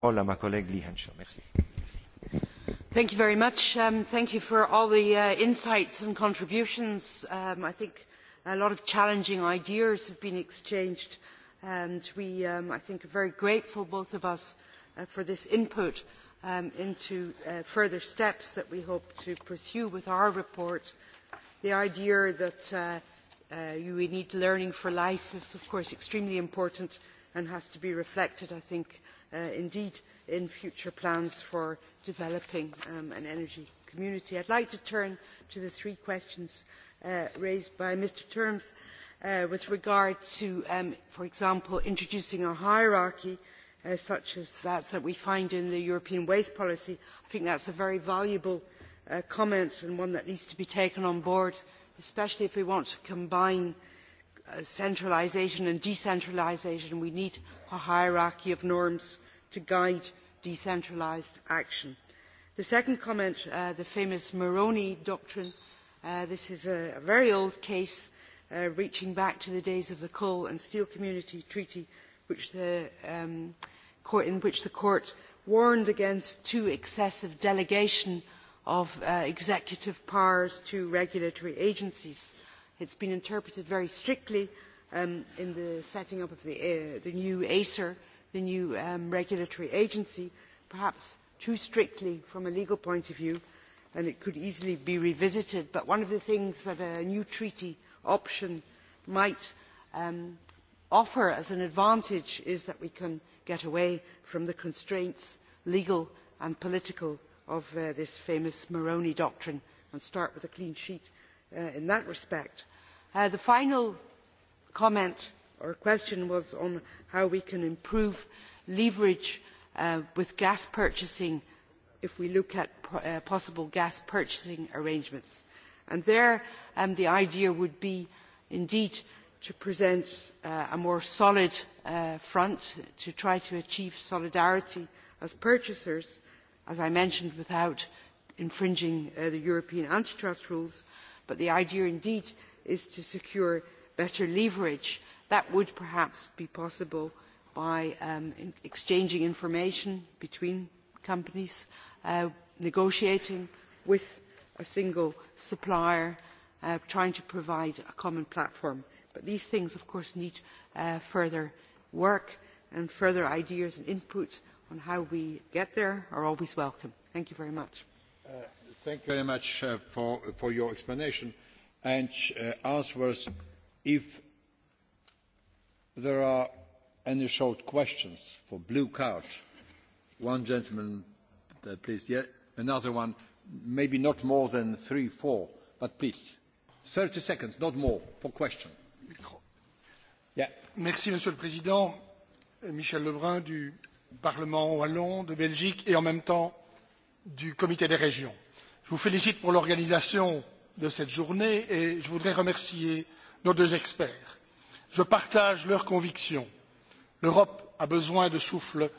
Thank you very much. Um, thank you for all the uh, insights and contributions. Um, I think a lot of challenging ideas have been exchanged and we, um, I think, are very grateful, both of us, uh, for this input um, into uh, further steps that we hope to pursue with our report. The idea that uh, uh, you need learning for life is, of course, extremely important and has to be reflected, I think, Uh, indeed in future plans for developing um, an energy community. I would like to turn to the three questions uh, raised by Mr. Terms uh, with regard to, um, for example, introducing a hierarchy Uh, such as that that we find in the European waste policy. I think that is a very valuable uh, comment and one that needs to be taken on board, especially if we want to combine uh, centralisation and decentralisation. We need a hierarchy of norms to guide decentralised action. The second comment, uh, the famous Moroni doctrine. Uh, this is a, a very old case uh, reaching back to the days of the Coal and Steel Community Treaty, which the, um, court, in which the court warned against too excessive delegation of uh, executive powers to regulatory agencies. It has been interpreted very strictly um, in the setting up of the, uh, the new ACER the new um, regulatory agency, perhaps too strictly from a legal point of view, and it could easily be revisited. But one of the things that a new treaty option might um, offer as an advantage is that we can get away from the constraints, legal and political, of uh, this famous Moroni Doctrine and start with a clean sheet uh, in that respect. Uh, the final comment or question was on how we can improve leverage uh, with gas purchasing if we look at uh, possible gas purchasing arrangements. And there um, the idea would be indeed to present uh, a more solid uh, front to try to achieve solidarity as purchasers, as I mentioned, without infringing uh, the European antitrust rules, but the idea indeed is to secure better leverage That would perhaps be possible by um, in exchanging information between companies, uh, negotiating with a single supplier, uh, trying to provide a common platform. But these things, of course, need uh, further work and further ideas and input on how we get there are always welcome. Thank you very much. Uh, thank you very much uh, for, for your explanation and uh, was If there are any short questions for blue card? One gentleman, uh, please. Yeah, another one. Maybe not more than three, four, but please. 30 seconds, not more, for question. Micro. Yeah. Merci, Monsieur le Président. Michel Lebrun du Parlement wallon de Belgique et en même temps du Comité des régions. Je vous félicite pour l'organisation de cette journée et je voudrais remercier nos deux experts. Je partage leurs convictions. L'Europe a besoin de souffle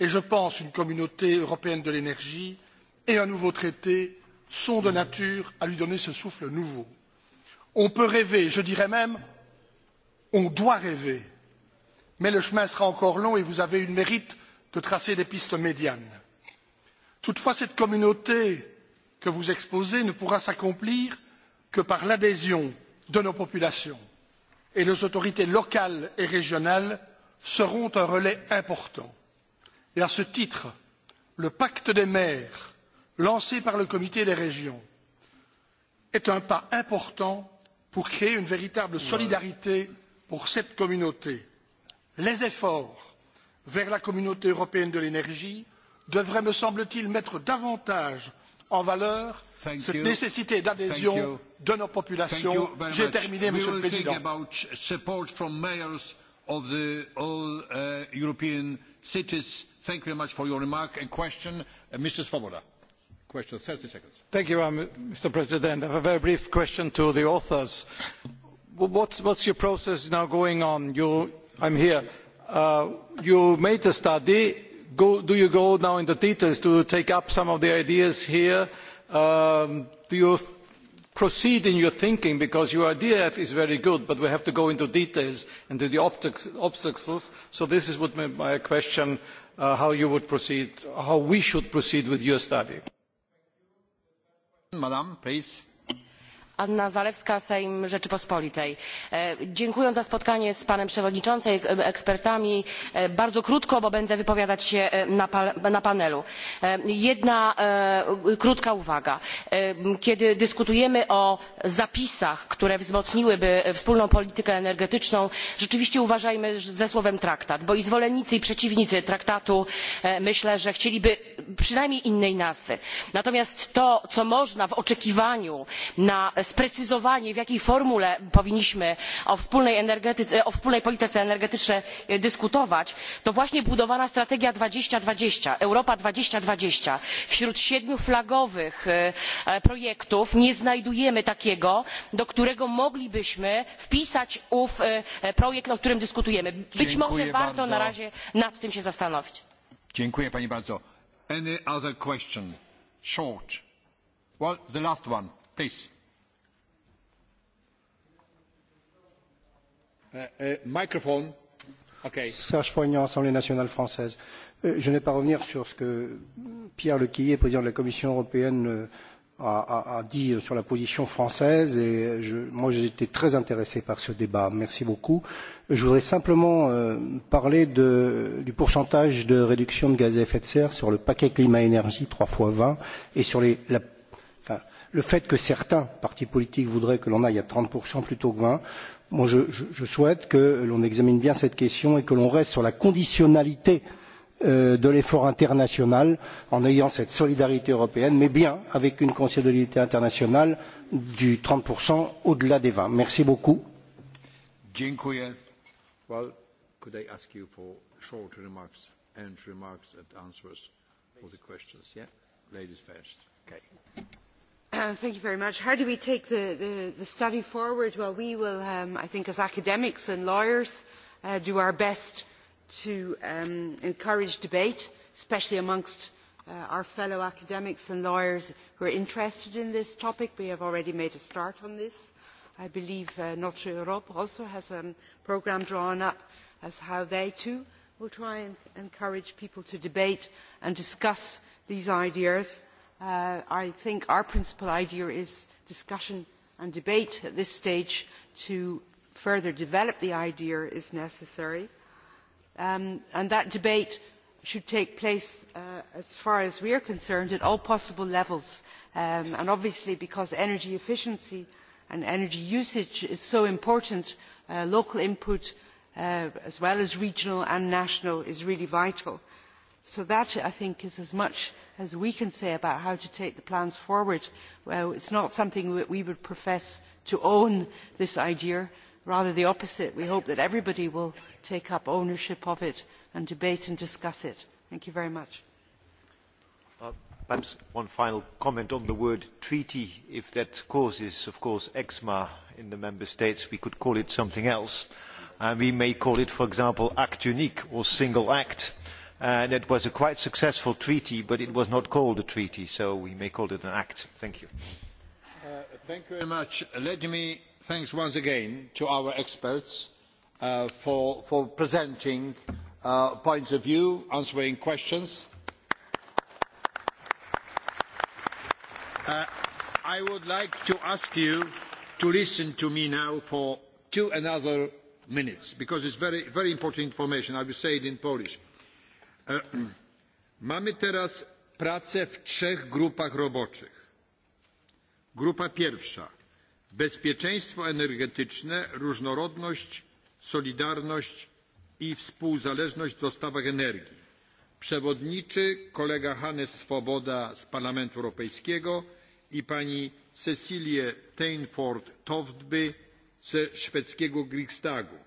et je pense une communauté européenne de l'énergie et un nouveau traité sont de nature à lui donner ce souffle nouveau. On peut rêver, je dirais même, on doit rêver, mais le chemin sera encore long et vous avez eu le mérite de tracer des pistes médianes. Toutefois, cette communauté que vous exposez ne pourra s'accomplir que par l'adhésion de nos populations et les autorités locales et régionales seront un relais important. Et à ce titre, le pacte des maires, lancé par le comité des régions, est un pas important pour créer une véritable solidarité pour cette communauté. Les efforts vers la communauté européenne de l'énergie devraient, me semble-t-il, mettre davantage en valeur Thank cette you. nécessité d'adhésion de nos populations. J'ai terminé, Monsieur le Président. Of the all uh, European cities. Thank you very much for your remark and question. Uh, Mr. Svoboda. Question, 30 seconds. Thank you, Mr. Um, President. I have a very brief question to the authors. What's, what's your process now going on? You, I'm here. Uh, you made a study go, do you go now into details to take up some of the ideas here? Um, do you proceed in your thinking because your idea is very good, but we have to go into details and the obstacles. So this is what my question, uh, how you would proceed, how we should proceed with your study. Madam, please. Anna Zalewska, Sejm Rzeczypospolitej. E, Dziękuję za spotkanie z panem przewodniczącym, e, ekspertami. E, bardzo krótko, bo będę wypowiadać się na, na panelu. Jedna krótka uwaga. Kiedy dyskutujemy o zapisach, które wzmocniłyby wspólną politykę energetyczną, rzeczywiście uważajmy ze słowem traktat, bo i zwolennicy i przeciwnicy traktatu myślę, że chcieliby przynajmniej innej nazwy. Natomiast to, co można w oczekiwaniu na sprecyzowanie w jakiej formule powinniśmy o wspólnej, polityce energetycznej e, dyskutować to właśnie budowana strategia dwa tysiące dwadzieścia europa dwa tysiące dwadzieścia wśród siedmiu flagowych e, e, projektów nie znajdujemy takiego do którego moglibyśmy wpisać ów projekt o którym dyskutujemy. być może warto na razie nad tym się zastanowić. Dziękuję pani bardzo. Any other question? Short. Well, the last one, please. Euh, euh, microphone. Okay. Serge Poignant, Assemblée nationale française. Euh, je n'ai pas revenir sur ce que Pierre Lequillier, président de la Commission européenne, a, a, a dit sur la position française et je, moi j'étais très intéressé par ce débat. Merci beaucoup. Je voudrais simplement euh, parler de, du pourcentage de réduction de gaz à effet de serre sur le paquet climat-énergie 3 fois 20 et sur les, la, enfin, le fait que certains partis politiques voudraient que l'on aille à 30% plutôt que 20% je, je, je souhaite que l'on examine bien cette question et que l'on reste sur la conditionnalité euh, de l'effort international en ayant cette solidarité européenne, mais bien avec une conditionnalité internationale du 30% au-delà des 20. Merci beaucoup. Well, could I ask you for short remarks and remarks and answers for the questions? Yeah, ladies first. Okay. Uh, thank you very much. How do we take the, the, the study forward? Well, we will, um, I think, as academics and lawyers, uh, do our best to um, encourage debate, especially amongst uh, our fellow academics and lawyers who are interested in this topic. We have already made a start on this. I believe uh, Notre Europe also has a um, programme drawn up as how they too will try and encourage people to debate and discuss these ideas. Uh, I think our principal idea is discussion and debate at this stage to further develop the idea is necessary. Um, and that debate should take place, uh, as far as we are concerned, at all possible levels. Um, and obviously because energy efficiency and energy usage is so important, uh, local input as well as regional and national is really vital. So that, I think, is as much as we can say about how to take the plans forward. Well, it's not something that we would profess to own this idea, rather the opposite. We hope that everybody will take up ownership of it and debate and discuss it. Thank you very much. Uh, perhaps one final comment on the word treaty. If that causes, of course, eczema in the member states, we could call it something else. And uh, we may call it, for example, act unique or single act. Uh, Uh, and it was a quite successful treaty, but it was not called a treaty, so we may call it an act. Thank you. Uh, thank you very much. Let me thank once again to our experts uh, for, presenting points of view, answering questions. I would like to ask you to listen to me now for two another minutes, because it's very, very important information. I will say it in Polish Mamy teraz pracę w trzech grupach roboczych. Grupa pierwsza bezpieczeństwo energetyczne, różnorodność, solidarność i współzależność w dostawach energii. Przewodniczy kolega Hannes Swoboda z Parlamentu Europejskiego i pani Cecilie Teinford Toftby ze szwedzkiego Riksdagu.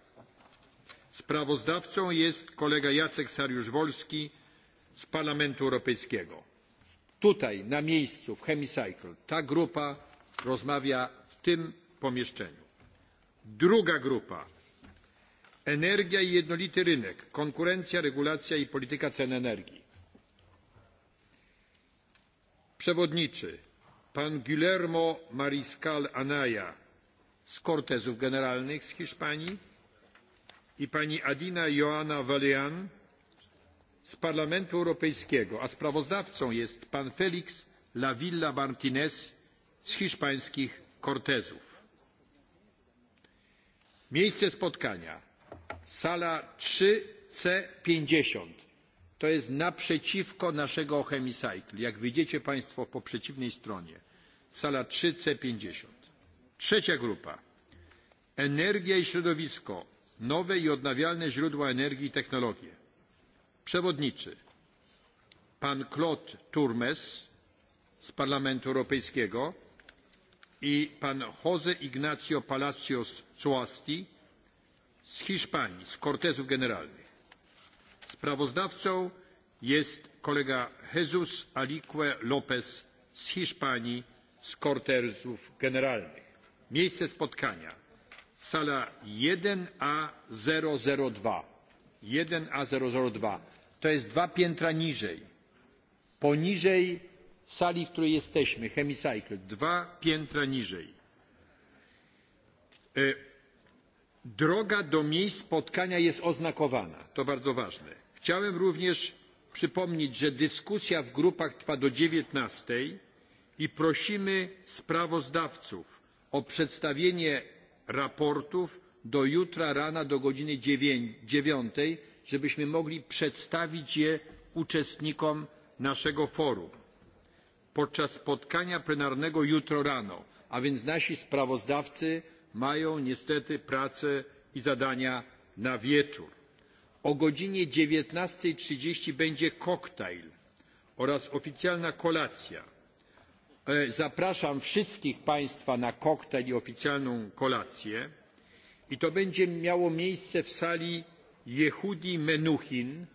Sprawozdawcą jest kolega Jacek Sariusz-Wolski z Parlamentu Europejskiego. Tutaj, na miejscu, w Hemicycle, ta grupa rozmawia w tym pomieszczeniu. Druga grupa. Energia i jednolity rynek, konkurencja, regulacja i polityka cen energii. Przewodniczy pan Guillermo Mariscal Anaya z Cortezów Generalnych z Hiszpanii, i pani Adina Joanna Valian z Parlamentu Europejskiego, a sprawozdawcą jest pan Felix La Villa Martinez z hiszpańskich Cortezów. Miejsce spotkania sala 3C50. To jest naprzeciwko naszego Chemicycle. Jak widzicie Państwo po przeciwnej stronie. Sala 3C50. Trzecia grupa. Energia i środowisko nowe i odnawialne źródła energii i technologie. Przewodniczy pan Claude Turmes z Parlamentu Europejskiego i pan Jose Ignacio Palacios Coasti z Hiszpanii, z Cortezów Generalnych. Sprawozdawcą jest kolega Jesus Alique López z Hiszpanii, z Cortezów Generalnych. Miejsce spotkania sala 1A002. 1A002. To jest dwa piętra niżej. Poniżej sali, w której jesteśmy, Hemicycle. Dwa piętra niżej. E, droga do miejsc spotkania jest oznakowana. To bardzo ważne. Chciałem również przypomnieć, że dyskusja w grupach trwa do 19 i prosimy sprawozdawców o przedstawienie raportów do jutra rana do godziny dziewiątej, żebyśmy mogli przedstawić je uczestnikom naszego forum. Podczas spotkania plenarnego jutro rano, a więc nasi sprawozdawcy mają niestety pracę i zadania na wieczór. O godzinie 19.30 będzie koktajl oraz oficjalna kolacja E, zapraszam wszystkich Państwa na koktajl i oficjalną kolację i to będzie miało miejsce w sali Jehudi Menuhin.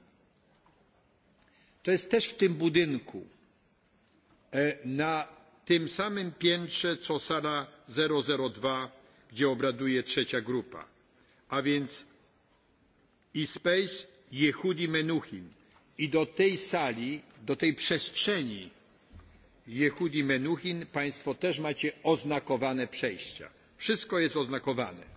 To jest też w tym budynku, e, na tym samym piętrze co sala 002, gdzie obraduje trzecia grupa, a więc e-space Jehudi Menuhin. I do tej sali, do tej przestrzeni Jehudi Menuhin, Państwo też macie oznakowane przejścia. Wszystko jest oznakowane.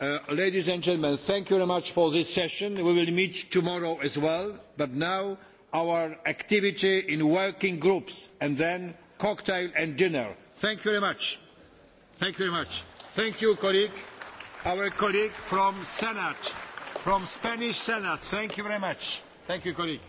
Uh, ladies and gentlemen, thank you very much for this session. We will meet tomorrow as well, but now our activity in working groups and then cocktail and dinner. Thank you very much. Thank you very much. Thank you, colleague, our colleague from Senate, from Spanish Senate. Thank you very much. Thank you, colleague.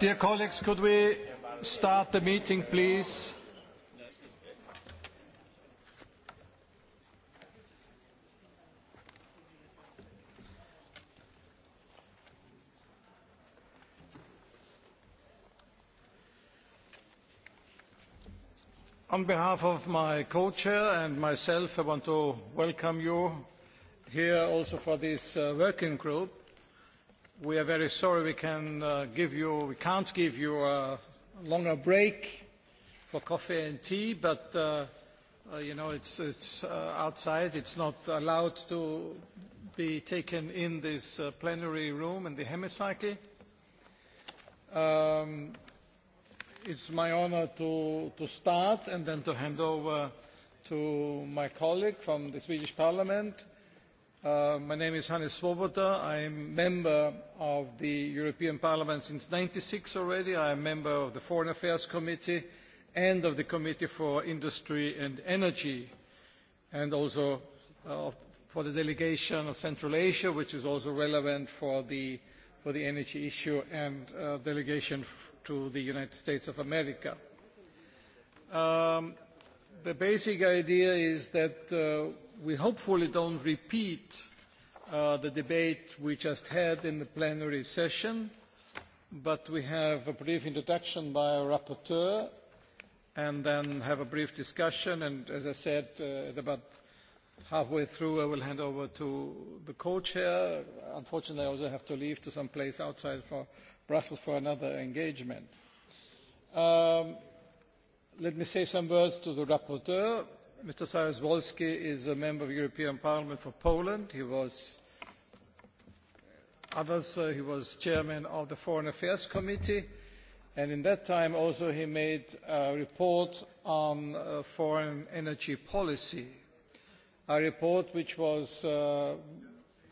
Dear colleagues, could we start the meeting, please? On behalf of my co-chair and myself, I want to welcome you here also for this uh, working group We are very sorry we, can, uh, give you, we can't give you a longer break for coffee and tea, but uh, uh, you know, it's, it's uh, outside. It's not allowed to be taken in this uh, plenary room in the hemicycle. Um, it's my honor to, to start and then to hand over to my colleague from the Swedish Parliament, Uh, my name is Hannes Swoboda. I am a member of the European Parliament since 96 already. I am a member of the Foreign Affairs Committee and of the Committee for Industry and Energy, and also uh, for the delegation of Central Asia, which is also relevant for the, for the energy issue, and uh, delegation to the United States of America. Um, the basic idea is that uh, we hopefully don't repeat uh, the debate we just had in the plenary session, but we have a brief introduction by our rapporteur and then have a brief discussion. And as I said, uh, at about halfway through, I will hand over to the co-chair. Unfortunately, I also have to leave to some place outside for Brussels for another engagement. Um, let me say some words to the rapporteur Mr. Saryzwolski is a member of the European Parliament for Poland. He was uh, others, uh, he was chairman of the Foreign Affairs Committee, and in that time also he made a report on uh, foreign energy policy, a report which was uh,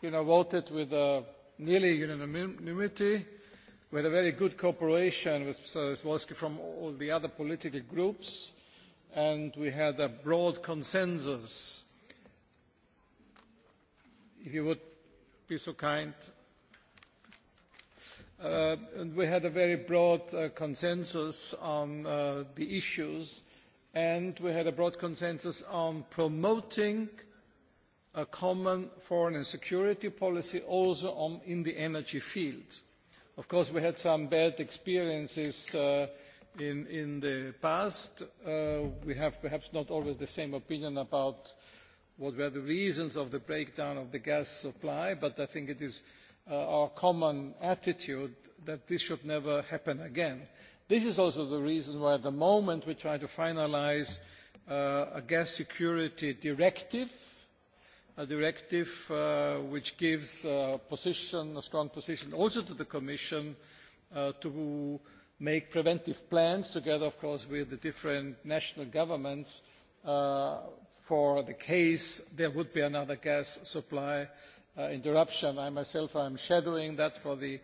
you know, voted with a nearly unanimity, with a very good cooperation with Mr. from all the other political groups and we had a broad consensus. If you would be so kind. Uh, and we had a very broad uh, consensus on uh, the issues, and we had a broad consensus on promoting a common foreign and security policy also on, in the energy field. Of course, we had some bad experiences uh, in, in the past, uh, we have perhaps not always the same opinion about what were the reasons of the breakdown of the gas supply, but I think it is uh, our common attitude that this should never happen again. This is also the reason why at the moment we try to finalize uh, a gas security directive, a directive uh, which gives a uh, position, a strong position also to the Commission uh, to make preventive plans together, of course, with the different national governments uh, for the case there would be another gas supply uh, interruption. I myself am shadowing that for the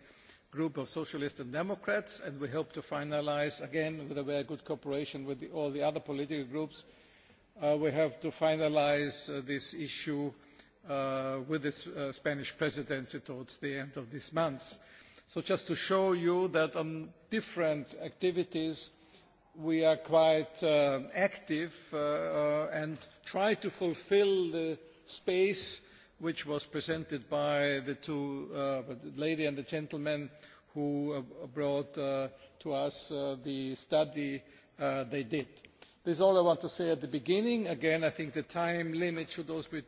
group of Socialists and Democrats, and we hope to finalize, again, with a very good cooperation with the, all the other political groups, uh, we have to finalize uh, this issue uh, with the uh, Spanish presidency towards the end of this month. So just to show you that on different activities we are quite uh, active uh, uh, and try to fulfill the space which was presented by the two uh, the lady and the gentleman who uh, brought uh, to us uh, the study uh, they did. This is all I want to say at the beginning. Again, I think the time limit should also be,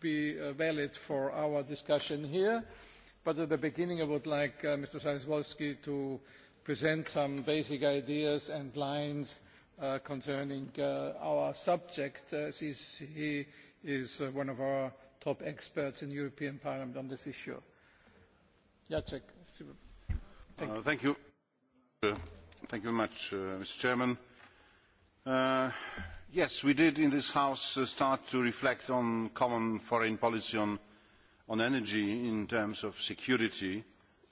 be uh, valid for our discussion here. But at the beginning, I would like uh, Mr. Sariswalski to present some basic ideas and lines uh, concerning uh, our subject, as uh, is, he is uh, one of our top experts in European Parliament on this issue. Jacek. Thank you. Uh, thank you. Uh, thank you very much, uh, Mr. Chairman. Uh, yes, we did in this House uh, start to reflect on common foreign policy on on energy in terms of security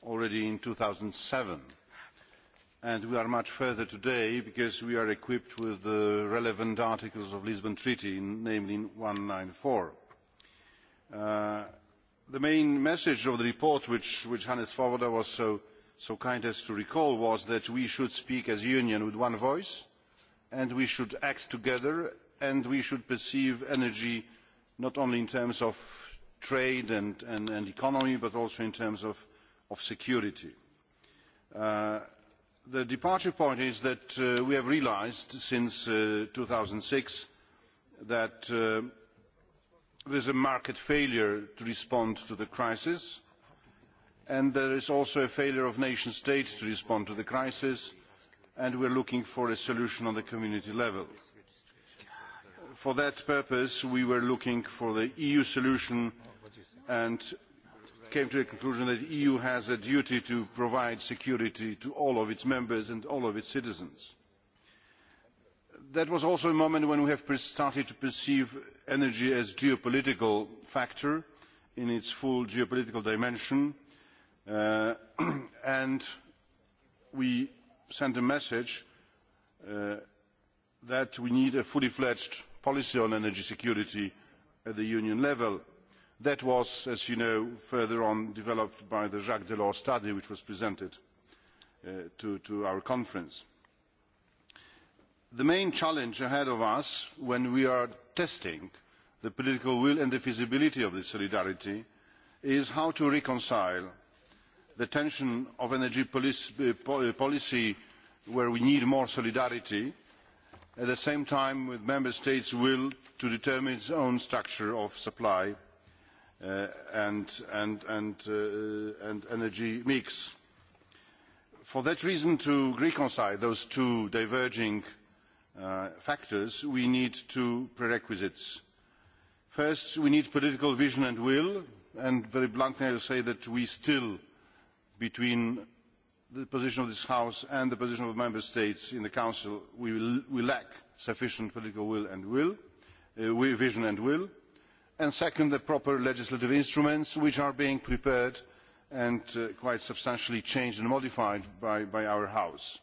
already in two thousand and seven and we are much further today because we are equipped with the relevant articles of the Lisbon Treaty, namely one hundred and ninety four. Uh, the main message of the report, which, which Hannes Svoboda was so, so kind as to recall, was that we should speak as a union with one voice, and we should act together, and we should perceive energy not only in terms of trade and, and, and economy, but also in terms of, of security. Uh, the departure point is that uh, we have realised since uh, 2006 that uh, there is a market failure to respond to the crisis, and there is also a failure of nation states to respond to the crisis, and we are looking for a solution on the community level. For that purpose, we were looking for the EU solution and came to the conclusion that the EU has a duty to provide security to all of its members and all of its citizens. That was also a moment when we have started to perceive energy as a geopolitical factor in its full geopolitical dimension uh, and we sent a message uh, that we need a fully fledged policy on energy security at the union level That was, as you know, further on developed by the Jacques Delors study which was presented uh, to, to our conference. The main challenge ahead of us when we are testing the political will and the feasibility of this solidarity is how to reconcile the tension of energy uh, uh, policy where we need more solidarity at the same time with member states' will to determine its own structure of supply uh, and, and, and, uh, and energy mix. For that reason, to reconcile those two diverging uh, factors, we need two prerequisites. First, we need political vision and will, and very bluntly I will say that we still, between the position of this House and the position of the Member States in the Council, we, will, we lack sufficient political will and will, uh, vision and will and second the proper legislative instruments which are being prepared and uh, quite substantially changed and modified by, our house.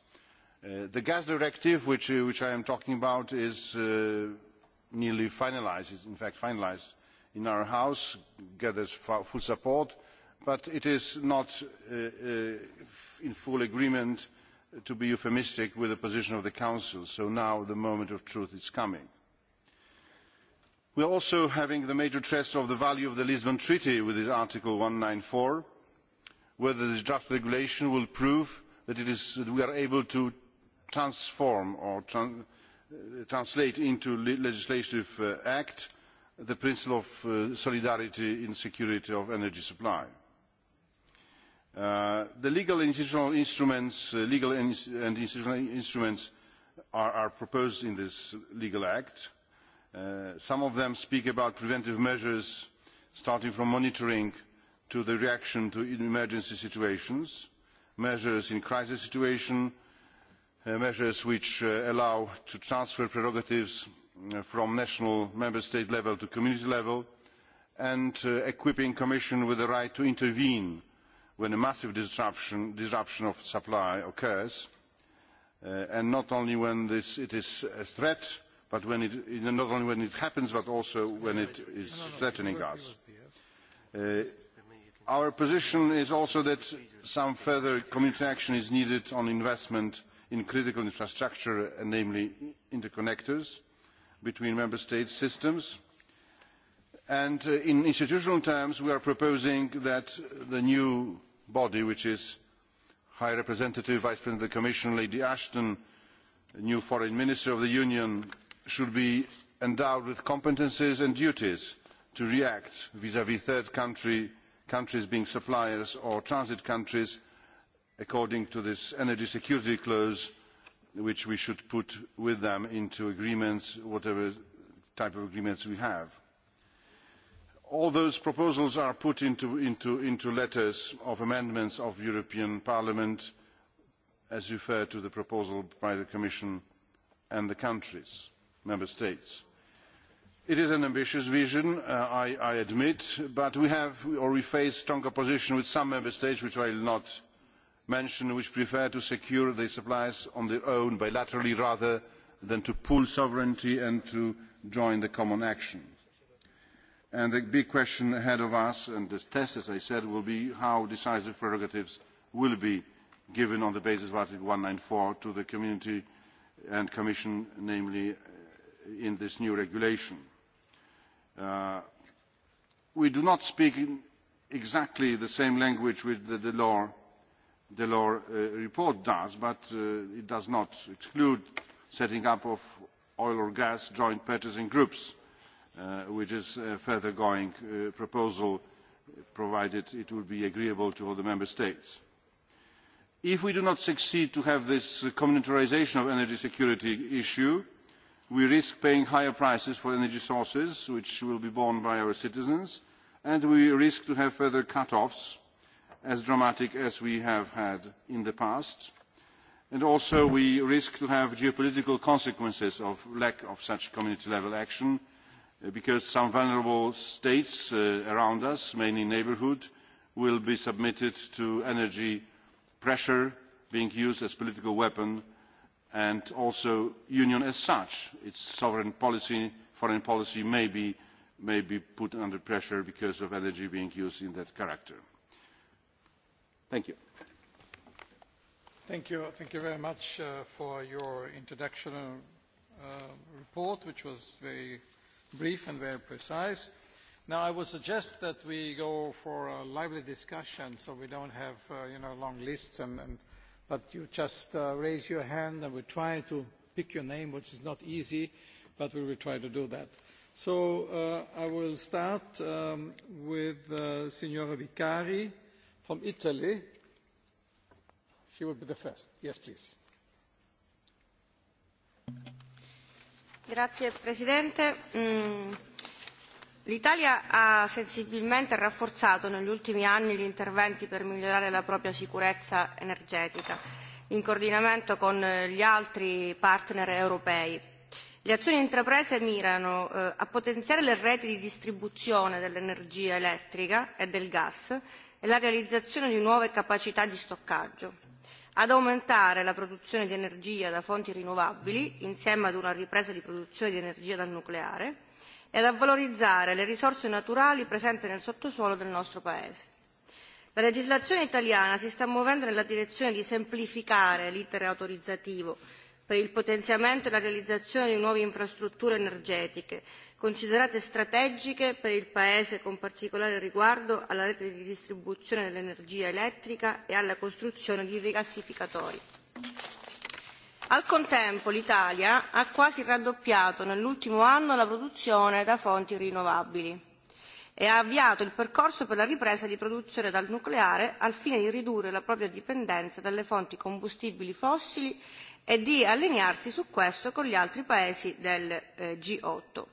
Uh, the gas directive which, uh, which I am talking about is nearly finalised, is in fact finalised in our house, gathers full support, but it is not in full agreement to be euphemistic with the position of the Council, so now the moment of truth is coming. We are also having the major test of the value of the Lisbon Treaty with its Article one hundred and four, whether this draft regulation will prove that, is, that we are able to transform or tran uh, translate into legislative uh, act the principle of uh, solidarity in security of energy supply. Uh, the legal and institutional instruments, uh, legal and, and institutional instruments are, are proposed in this legal act Uh, some of them speak about preventive measures starting from monitoring to the reaction to emergency situations, measures in crisis situations, uh, measures which uh, allow to transfer prerogatives uh, from national member state level to community level, and uh, equipping the Commission with the right to intervene when a massive disruption, disruption of supply occurs, and not only when this, it is a threat, but when it, not only when it happens, but also when it is threatening us. Uh, our position is also that some further community action is needed on investment in critical infrastructure, and uh, namely interconnectors between member States systems. And uh, in institutional terms, we are proposing that the new body, which is High Representative, Vice President of the Commission, Lady Ashton, new Foreign Minister of the Union, should be endowed with competences and duties to react vis vis third country, countries being suppliers or transit countries according to this energy security clause which we should put with them into agreements, whatever type of agreements we have. All those proposals are put into, into, into letters of amendments of the European Parliament as referred to the proposal by the Commission and the countries member states. It is an ambitious vision, uh, I, I, admit, but we have or we face strong opposition with some member states, which I will not mention, which prefer to secure their supplies on their own bilaterally rather than to pool sovereignty and to join the common action. And the big question ahead of us, and the test, as I said, will be how decisive prerogatives will be given on the basis of Article one hundred and ninety four to the Community and Commission, namely in this new regulation. Uh, we do not speak in exactly the same language with the Delors, Delors uh, report does, but uh, it does not exclude setting up of oil or gas joint purchasing groups, uh, which is a further going uh, proposal provided it would be agreeable to all the member states. If we do not succeed to have this communitarisation of energy security issue, we risk paying higher prices for energy sources, which will be borne by our citizens, and we risk to have further cut-offs, as dramatic as we have had in the past. And also we risk to have geopolitical consequences of lack of such community-level action, uh, because some vulnerable states uh, around us, mainly neighbourhood, will be submitted to energy pressure being used as a political weapon and also union as such. Its sovereign policy, foreign policy may be, may be put under pressure because of energy being used in that character. Thank you. Thank you. Thank you very much uh, for your introduction uh, report, which was very brief and very precise. Now, I would suggest that we go for a lively discussion so we don't have, uh, you know, long lists and, and but you just uh, raise your hand and we try to pick your name, which is not easy, but we will try to do that. So uh, I will start um, with uh, Signora Vicari from Italy. She will be the first. Yes, please. Grazie Presidente. Mm L'Italia ha sensibilmente rafforzato negli ultimi anni gli interventi per migliorare la propria sicurezza energetica, in coordinamento con eh, gli altri partner europei. Le azioni intraprese mirano eh, a potenziare le reti di distribuzione dell'energia elettrica e del gas e la realizzazione di nuove capacità di stoccaggio, ad aumentare la produzione di energia da fonti rinnovabili insieme ad una ripresa di produzione di energia dal nucleare, e a valorizzare le risorse naturali presenti nel sottosuolo del nostro Paese. La legislazione italiana si sta muovendo nella direzione di semplificare l'iter autorizzativo per il potenziamento e la realizzazione di nuove infrastrutture energetiche, considerate strategiche per il Paese con particolare riguardo alla rete di distribuzione dell'energia elettrica e alla costruzione di rigassificatori. Al contempo l'Italia ha quasi raddoppiato nell'ultimo anno la produzione da fonti rinnovabili e ha avviato il percorso per la ripresa di produzione dal nucleare al fine di ridurre la propria dipendenza dalle fonti combustibili fossili e di allinearsi su questo con gli altri paesi del eh, G8.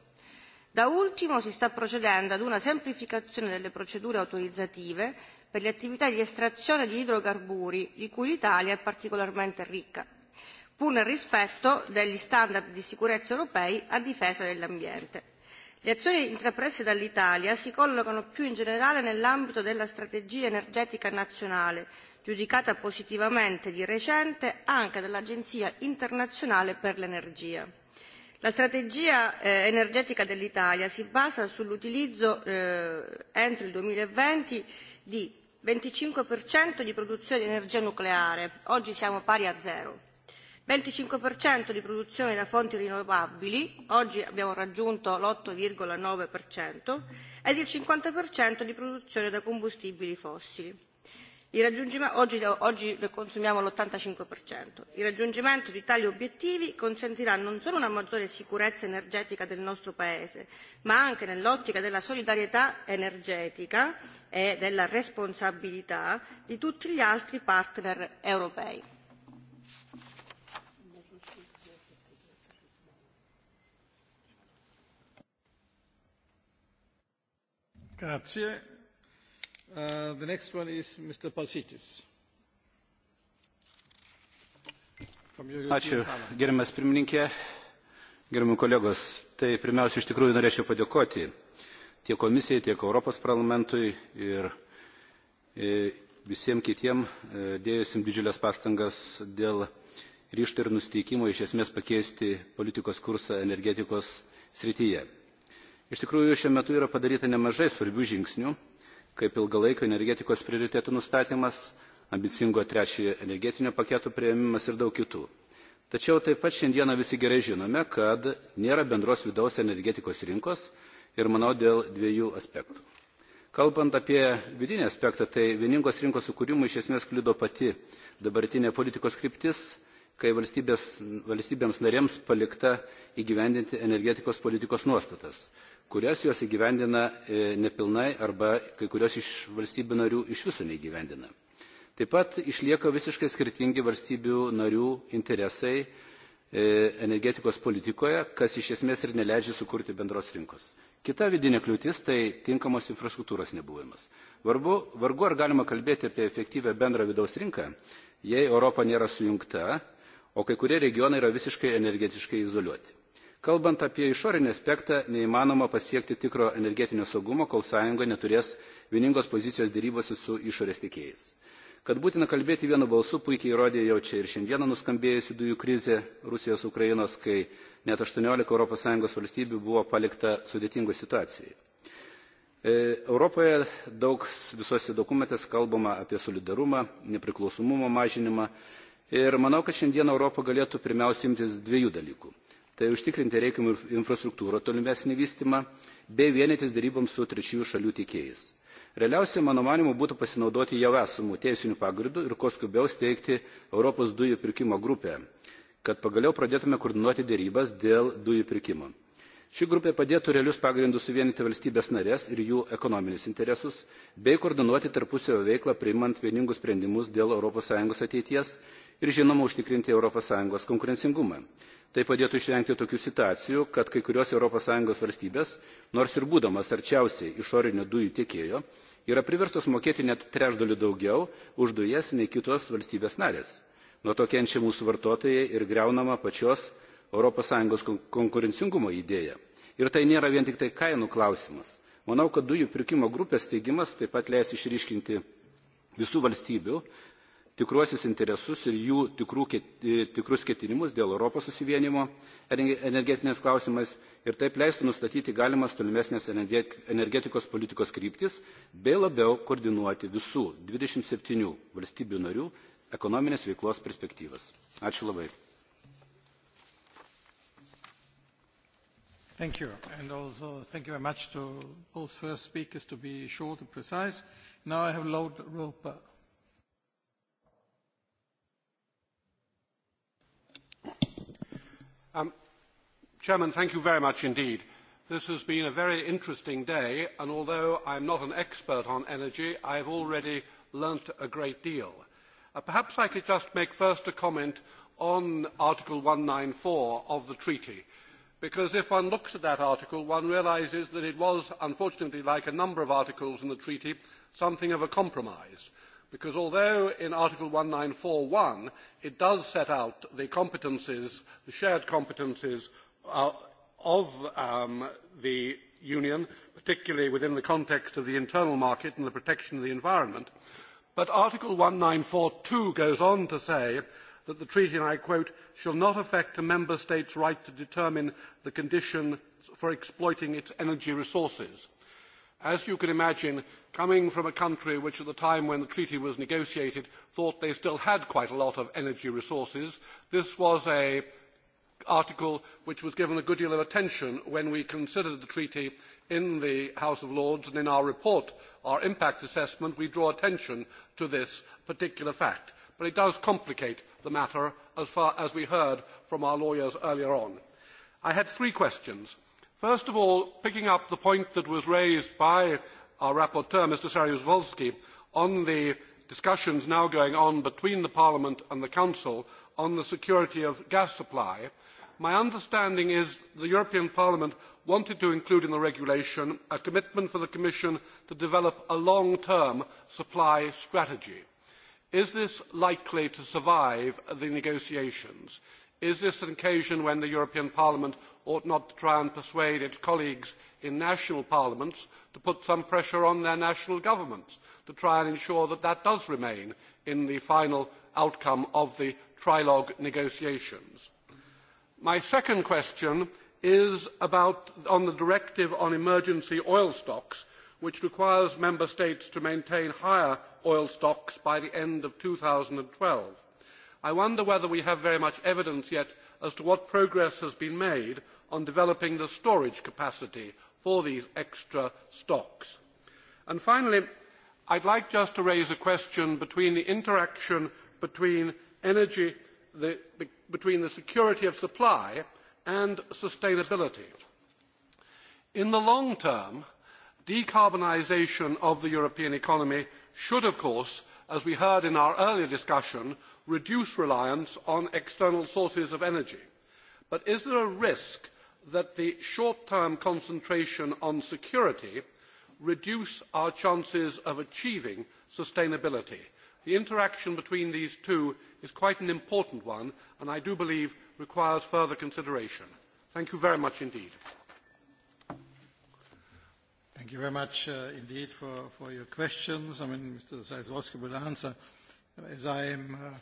Da ultimo si sta procedendo ad una semplificazione delle procedure autorizzative per le attività di estrazione di idrocarburi, di cui l'Italia è particolarmente ricca pur nel rispetto degli standard di sicurezza europei a difesa dell'ambiente. Le azioni intraprese dall'Italia si collocano più in generale nell'ambito della strategia energetica nazionale, giudicata positivamente di recente anche dall'Agenzia internazionale per l'energia. La strategia eh, energetica dell'Italia si basa sull'utilizzo eh, entro il 2020 di 25% di produzione di energia nucleare, oggi siamo pari a zero, 25% di produzione da fonti rinnovabili, oggi abbiamo raggiunto l'8,9%, ed il 50% di produzione da combustibili fossili. Oggi, oggi ne consumiamo l'85%. Il raggiungimento di tali obiettivi consentirà non solo una maggiore sicurezza energetica del nostro Paese, ma anche nell'ottica della solidarietà energetica e della responsabilità di tutti gli altri partner europei. Grazie. Uh, the next one is Mr. Palsitis. Ačiū, gerimas pirmininkė, kolegos. Tai pirmiausia, iš tikrųjų norėčiau padėkoti tiek komisijai, tiek Europos parlamentui ir e, visiems kitiems e, dėjusim didžiulės pastangas dėl ryšto ir nusteikimo iš esmės pakeisti politikos kursą energetikos srityje. Iš tikrųjų, šiuo metu yra padaryta nemažai svarbių žingsnių, kaip ilgalaikio energetikos prioritetų nustatymas, ambicingo trečiojo energetinio paketo prieimimas ir daug kitų. Tačiau taip pat šiandieną visi gerai žinome, kad nėra bendros vidaus energetikos rinkos ir manau dėl dviejų aspektų. Kalbant apie vidinį aspektą, tai vieningos rinkos sukūrimui iš esmės kliudo pati dabartinė politikos kryptis, kai valstybės, valstybėms narėms palikta įgyvendinti energetikos politikos nuostatas, kurias jos įgyvendina e, nepilnai arba kai kurios iš valstybių narių iš viso neįgyvendina. Taip pat išlieka visiškai skirtingi valstybių narių interesai e, energetikos politikoje, kas iš esmės ir neleidžia sukurti bendros rinkos. Kita vidinė kliūtis tai tinkamos infrastruktūros nebuvimas. Varbu, vargu ar galima kalbėti apie efektyvę bendrą vidaus rinką, jei Europa nėra sujungta, o kai kurie regionai yra visiškai energetiškai izoliuoti. Kalbant apie išorinį aspektą, neįmanoma pasiekti tikro energetinio saugumo, kol sąjunga neturės vieningos pozicijos dėrybose su išorės tikėjais. Kad būtina kalbėti vienu balsu, puikiai įrodė jau čia ir šiandieną nuskambėjusi dujų krizė Rusijos Ukrainos, kai net 18 ES valstybių buvo palikta sudėtingo situacijai. E, Europoje daug visose dokumentės kalbama apie solidarumą, nepriklausomumo mažinimą ir manau, kad šiandien Europa galėtų pirmiausia imtis dviejų dalykų tai užtikrinti reikiamą infrastruktūrą tolimesnį vystymą bei vienytis daryboms su trečiųjų šalių tiekėjais. Realiausia, mano manimo būtų pasinaudoti jau esamų teisinių pagrindų ir kuo skubiau steigti Europos dujų pirkimo grupę, kad pagaliau pradėtume koordinuoti derybas dėl dujų pirkimo. Ši grupė padėtų realius pagrindus suvienyti valstybės narės ir jų ekonominis interesus, bei koordinuoti tarpusavio veiklą priimant vieningus sprendimus dėl ES ateities ir žinoma užtikrinti europos sąjungos konkurencingumą. tai padėtų išvengti tokių situacijų kad kai kurios europos sąjungos valstybės nors ir būdamas arčiausiai išorinio dujų tiekėjo yra priverstos mokėti net trešdalių daugiau už dujas nei kitos valstybės narės. nuo to kenčia mūsų vartotojai ir greunama pačios europos sąjungos konkurencingumo idėja. ir tai nėra vien tik tai kainų klausimas. manau kad dujų pirkimo grupės steigimas taip pat leis išryškinti visų valstybių tikruosius interesus ir jų e, tikrus ketinimus dėl Europos susivienimo energetinės klausimais ir taip leistų nustatyti galimas tolimesnės energetikos politikos kryptis bei labiau koordinuoti visų 27 valstybių narių ekonominės veiklos perspektyvas. Ačiū labai. Thank you. And also thank you very much to both first speakers to be short and precise. Now I have Lord Roper Um, Chairman, thank you very much indeed. This has been a very interesting day, and although I am not an expert on energy, I have already learnt a great deal. Uh, perhaps I could just make first a comment on Article 194 of the treaty, because if one looks at that article, one realises that it was, unfortunately, like a number of articles in the treaty, something of a compromise because although in Article 1941 it does set out the competences, the shared competences uh, of um, the Union, particularly within the context of the internal market and the protection of the environment, but Article 1942 goes on to say that the treaty, and I quote, shall not affect a member state's right to determine the condition for exploiting its energy resources. As you can imagine, coming from a country which at the time when the treaty was negotiated thought they still had quite a lot of energy resources, this was an article which was given a good deal of attention when we considered the treaty in the House of Lords and in our report, our impact assessment, we draw attention to this particular fact. But it does complicate the matter as far as we heard from our lawyers earlier on. I had three questions. First of all, picking up the point that was raised by our rapporteur, Mr. Saryusz-Wolski, on the discussions now going on between the Parliament and the Council on the security of gas supply, my understanding is the European Parliament wanted to include in the regulation a commitment for the Commission to develop a long-term supply strategy. Is this likely to survive the negotiations? Is this an occasion when the European Parliament ought not to try and persuade its colleagues in national parliaments to put some pressure on their national governments to try and ensure that that does remain in the final outcome of the trilogue negotiations? My second question is about on the directive on emergency oil stocks, which requires member states to maintain higher oil stocks by the end of twelve I wonder whether we have very much evidence yet as to what progress has been made on developing the storage capacity for these extra stocks. And finally, I would like just to raise a question between the interaction between energy, the, between the security of supply and sustainability. In the long term, decarbonisation of the European economy should, of course, as we heard in our earlier discussion, reduce reliance on external sources of energy. But is there a risk that the short-term concentration on security reduce our chances of achieving sustainability? The interaction between these two is quite an important one and I do believe requires further consideration. Thank you very much indeed. Thank you very much uh, indeed for, for your questions. I mean, Mr. Saizowski will answer. As I am uh,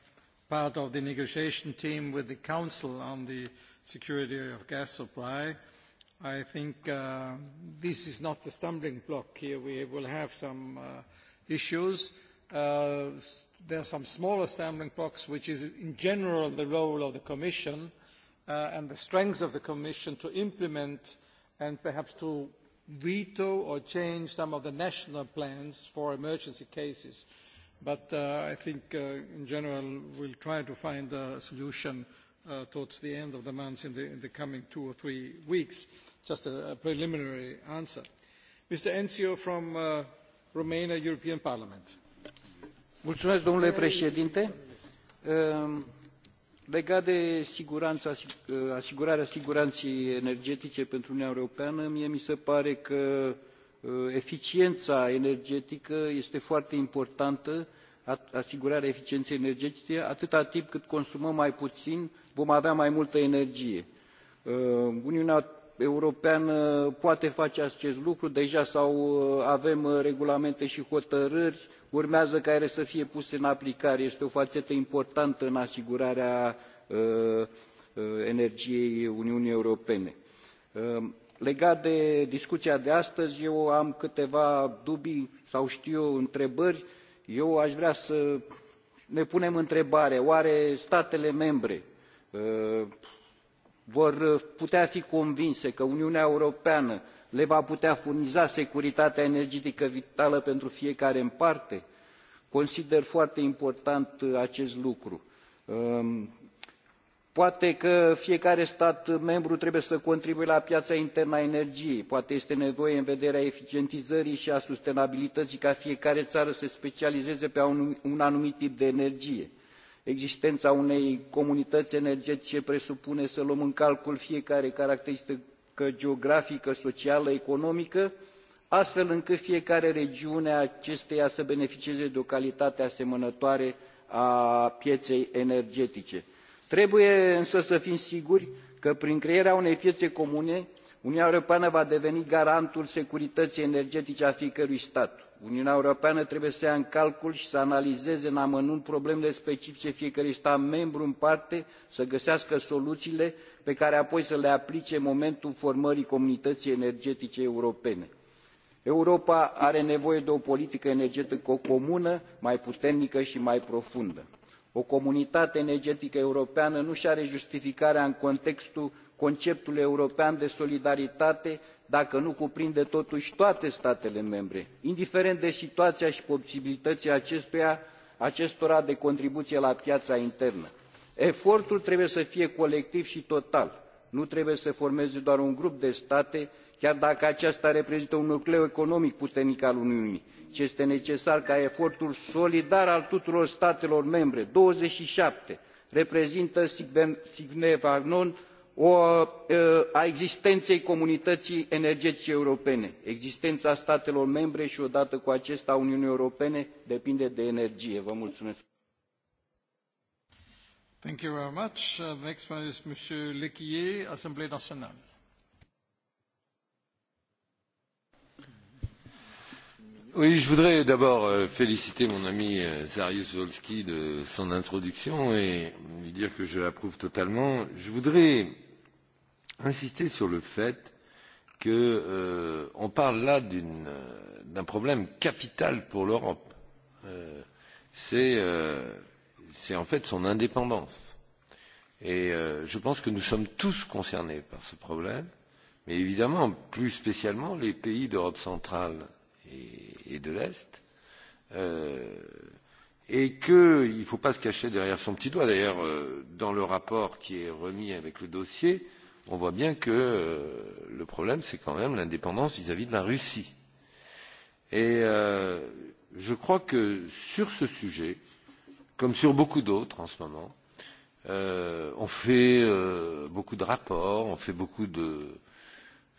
part of the negotiation team with the Council on the security of gas supply. I think uh, this is not the stumbling block here. We will have some uh, issues. Uh, there are some smaller stumbling blocks, which is in general the role of the Commission uh, and the strength of the Commission to implement and perhaps to veto or change some of the national plans for emergency cases. Uh, But uh, I think uh, in general we'll try to find a solution uh, towards the end of the month in the, in the coming two or three weeks. Just a, a preliminary answer. Mr. Enzio from uh, Romania European Parliament. Mulțumesc, domnule președinte. Ehm, legat de siguranța, asigurarea siguranței energetice pentru Uniunea Europeană, mie mi se pare că Uh, eficiența energetică este foarte importantă, asigurarea eficienței energetice, atâta timp cât consumăm mai puțin, vom avea mai multă energie. Uh, Uniunea Europeană poate face acest lucru, deja sau uh, avem regulamente și hotărâri, urmează care să fie puse în aplicare. Este o fațetă importantă în asigurarea energiei Uniunii Europene. Legat de discuția de astăzi, eu am câteva dubii sau știu întrebări. Eu aș vrea să ne punem întrebare, oare statele membre uh, vor putea fi convinse că Uniunea Europeană le va putea furniza securitatea energetică vitală pentru fiecare în parte? Consider foarte important acest lucru. Um, Poate că fiecare stat membru trebuie să contribuie la piața internă a energiei, poate este nevoie în vederea eficientizării și a sustenabilității ca fiecare țară să se specializeze pe un anumit tip de energie. Existența unei comunități energetice presupune să luăm în calcul fiecare caracteristică geografică, socială, economică, astfel încât fiecare regiune a acesteia să beneficieze de o calitate asemănătoare a pieței energetice. Trebuie însă să fim siguri că prin crearea unei piețe comune, Uniunea Europeană va deveni garantul securității energetice a fiecărui stat. Uniunea Europeană trebuie să ia în calcul și să analizeze în amănunt problemele specifice fiecărui stat membru în parte, să găsească soluțiile pe care apoi să le aplice în momentul formării comunității energetice europene. Europa are nevoie de o politică energetică comună, mai puternică și mai profundă. O comunitate energetică europeană nu și are justificarea în contextul conceptului european de solidaritate dacă nu cuprinde totuși toate statele membre, indiferent de situația și posibilității acestuia, acestora de contribuție la piața internă. Efortul trebuie să fie colectiv și total, nu trebuie să formeze doar un grup de state chiar dacă aceasta reprezintă un nucleu economic puternic al uniunii ci este necesar ca efortul solidar al tuturor statelor membre douăzeci și șapte reprezintă sine qua non a existenței comunității energetice europene. existența statelor membre și odată cu acesta a uniunii europene depinde de energie. Vă mulțumesc. Thank you very much. Uh, next one is Monsieur Lequier, Assemblée nationale. Oui, je voudrais d'abord euh, féliciter mon ami Zarius euh, Wolski de son introduction et lui dire que je l'approuve totalement. Je voudrais insister sur le fait qu'on euh, parle là euh, d'un problème capital pour l'Europe. Euh, C'est euh, en fait son indépendance. Et euh, je pense que nous sommes tous concernés par ce problème, mais évidemment plus spécialement les pays d'Europe centrale et et de l'Est, euh, et qu'il ne faut pas se cacher derrière son petit doigt. D'ailleurs, euh, dans le rapport qui est remis avec le dossier, on voit bien que euh, le problème, c'est quand même l'indépendance vis-à-vis de la Russie. Et euh, je crois que sur ce sujet, comme sur beaucoup d'autres en ce moment, euh, on fait euh, beaucoup de rapports, on fait beaucoup de,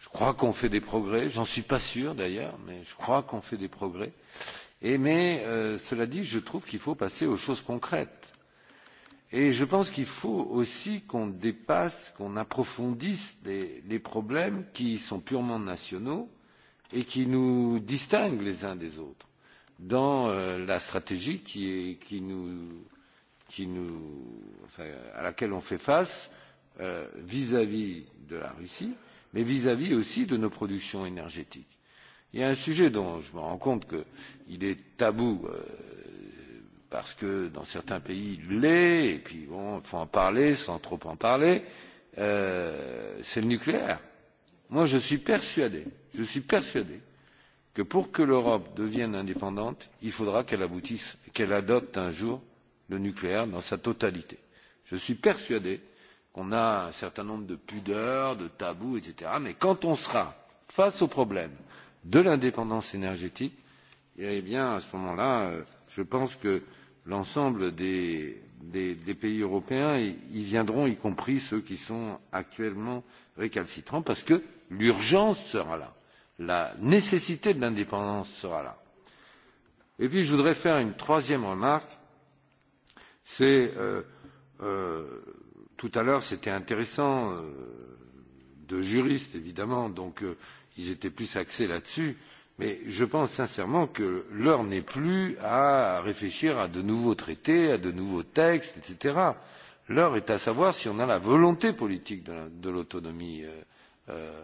Je crois qu'on fait des progrès, j'en suis pas sûr d'ailleurs, mais je crois qu'on fait des progrès. Et, mais euh, cela dit, je trouve qu'il faut passer aux choses concrètes. Et je pense qu'il faut aussi qu'on dépasse, qu'on approfondisse les, les problèmes qui sont purement nationaux et qui nous distinguent les uns des autres dans euh, la stratégie qui, est, qui nous, qui nous, enfin, à laquelle on fait face euh, vis-à-vis euh, -vis de la Russie mais vis-à-vis -vis aussi de nos productions énergétiques. Il y a un sujet dont je me rends compte qu'il est tabou euh, parce que dans certains pays il l'est, et puis bon, il faut en parler sans trop en parler, euh, c'est le nucléaire. Moi je suis persuadé, je suis persuadé que pour que l'Europe devienne indépendante, il faudra qu'elle aboutisse, qu'elle adopte un jour le nucléaire dans sa totalité. Je suis persuadé euh, on a un certain nombre de pudeurs, de tabous, etc. Mais quand on sera face au problème de l'indépendance énergétique, eh bien, à ce moment-là, euh, je pense que l'ensemble des, des, des pays européens y, y viendront, y compris ceux qui sont actuellement récalcitrants, parce que l'urgence sera là, la nécessité de l'indépendance sera là. Et puis, je voudrais faire une troisième remarque, c'est euh, euh, tout à l'heure, c'était intéressant, euh, de juristes évidemment, donc euh, ils étaient plus axés là-dessus, mais je pense sincèrement que l'heure n'est plus à réfléchir à de nouveaux traités, à de nouveaux textes, etc. L'heure est à savoir si on a la volonté politique de l'autonomie la, euh, euh,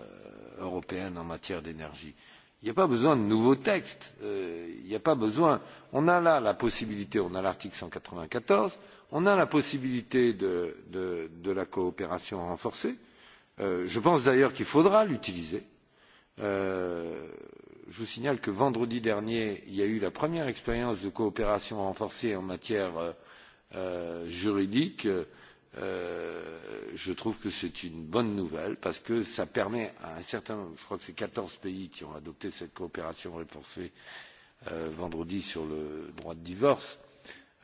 européenne en matière d'énergie. Il n'y a pas besoin de nouveaux textes. Euh, il n'y a pas besoin. On a là la possibilité, on a l'article 194, on a la possibilité de, de, de la coopération renforcée. Euh, je pense d'ailleurs qu'il faudra l'utiliser. Euh, je vous signale que vendredi dernier, il y a eu la première expérience de coopération renforcée en matière euh, euh, juridique. Euh, je trouve que c'est une bonne nouvelle parce que ça permet à un certain nombre, je crois que c'est 14 pays qui ont adopté cette coopération renforcée euh, vendredi sur le droit de divorce,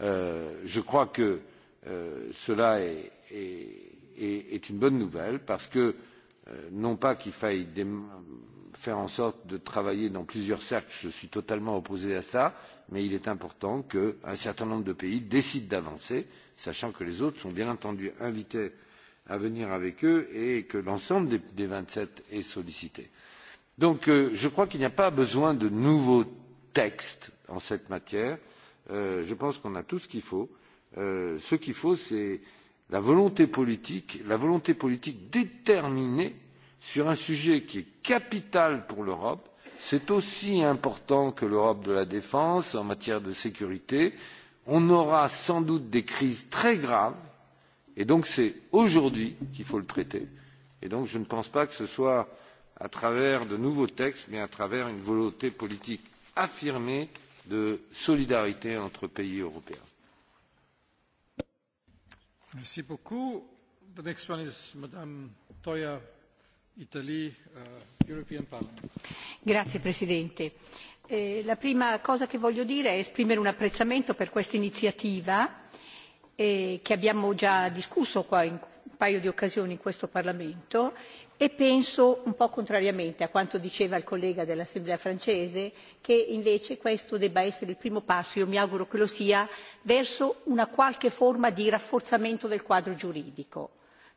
Euh, je crois que euh, cela est, est, est, une bonne nouvelle parce que euh, non pas qu'il faille faire en sorte de travailler dans plusieurs cercles, je suis totalement opposé à cela, mais il est important qu'un certain nombre de pays décident d'avancer, sachant que les autres sont bien entendu invités à venir avec eux et que l'ensemble des vingt sept est sollicité. Donc euh, je crois qu'il n'y a pas besoin de nouveaux textes en cette matière. Euh, Euh, je pense qu'on a tout ce qu'il faut. Euh, ce qu'il faut, c'est la volonté politique, la volonté politique déterminée sur un sujet qui est capital pour l'Europe. C'est aussi important que l'Europe de la défense en matière de sécurité. On aura sans doute des crises très graves et donc c'est aujourd'hui qu'il faut le traiter. Et donc je ne pense pas que ce soit à travers de nouveaux textes, mais à travers une volonté politique affirmée de solidarité entre pays européens. Merci beaucoup. The next one is Madame Toya, Italy, uh, European Parliament. Grazie Presidente. Eh, la prima cosa che voglio dire è esprimere un apprezzamento per questa iniziativa eh, che abbiamo già discusso qua in un paio di occasioni in questo Parlamento e penso un po' contrariamente a quanto diceva il collega dell'Assemblea francese che invece questo debba essere il primo passo, io mi auguro che lo sia, verso una qualche forma di rafforzamento del quadro giuridico.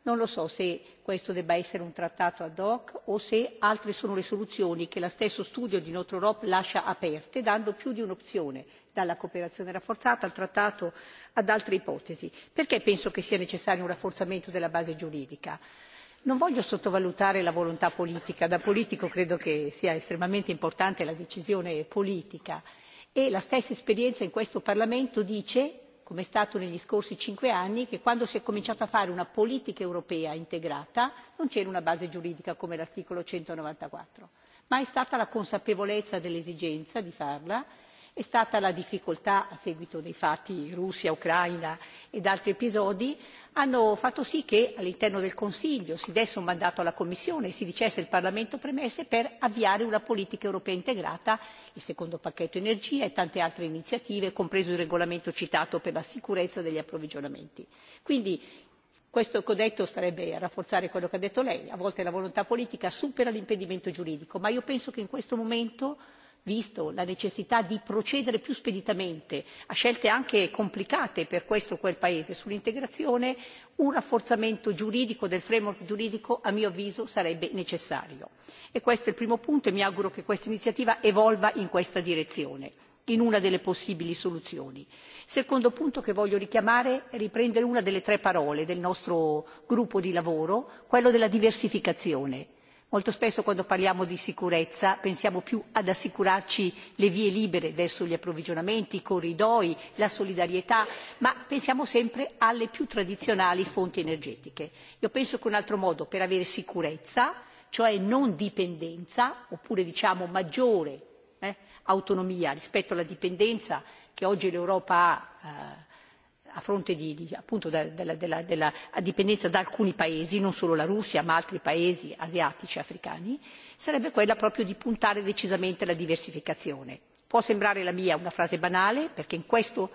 Non lo so se questo debba essere un trattato ad hoc o se altre sono le soluzioni che lo stesso studio di Notre Europe lascia aperte, dando più di un'opzione, dalla cooperazione rafforzata al trattato ad altre ipotesi. Perché penso che sia necessario un rafforzamento della base giuridica? Non voglio sottovalutare la volontà politica, da politico credo che sia estremamente importante la decisione politica e la stessa esperienza in questo Parlamento dice, come è stato negli scorsi cinque anni, che quando si è cominciato a fare una politica europea integrata non c'era una base giuridica come l'articolo centonovantaquattro, ma è stata la consapevolezza dell'esigenza di farla è stata la difficoltà a seguito dei fatti Russia, Ucraina ed altri episodi hanno fatto sì che all'interno del Consiglio si desse un mandato alla Commissione e si dicesse il Parlamento premesse per avviare una politica europea integrata, il secondo pacchetto energia e tante altre iniziative, compreso il regolamento citato per la sicurezza degli approvvigionamenti. Quindi questo che ho detto sarebbe a rafforzare quello che ha detto lei, a volte la volontà politica supera l'impedimento giuridico, ma io penso che in questo momento visto la necessità di procedere più speditamente a scelte anche complicate per questo o quel paese sull'integrazione, un rafforzamento giuridico del framework giuridico a mio avviso sarebbe necessario. E questo è il primo punto e mi auguro che questa iniziativa evolva in questa direzione in una delle possibili soluzioni. Secondo punto che voglio richiamare è riprendere una delle tre parole del nostro gruppo di lavoro, quello della diversificazione Molto spesso quando parliamo di sicurezza pensiamo più ad assicurarci le vie libere verso gli approvvigionamenti, i corridoi, la solidarietà, ma pensiamo sempre alle più tradizionali fonti energetiche. Io penso che un altro modo per avere sicurezza, cioè non dipendenza, oppure diciamo maggiore eh, autonomia rispetto alla dipendenza che oggi l'Europa ha, eh, a fronte di, di, appunto della, della, della dipendenza da alcuni paesi, non solo la Russia, ma altri paesi asiatici e africani, sarebbe quella proprio di puntare decisamente alla diversificazione. Può sembrare la mia una frase banale, perché in questo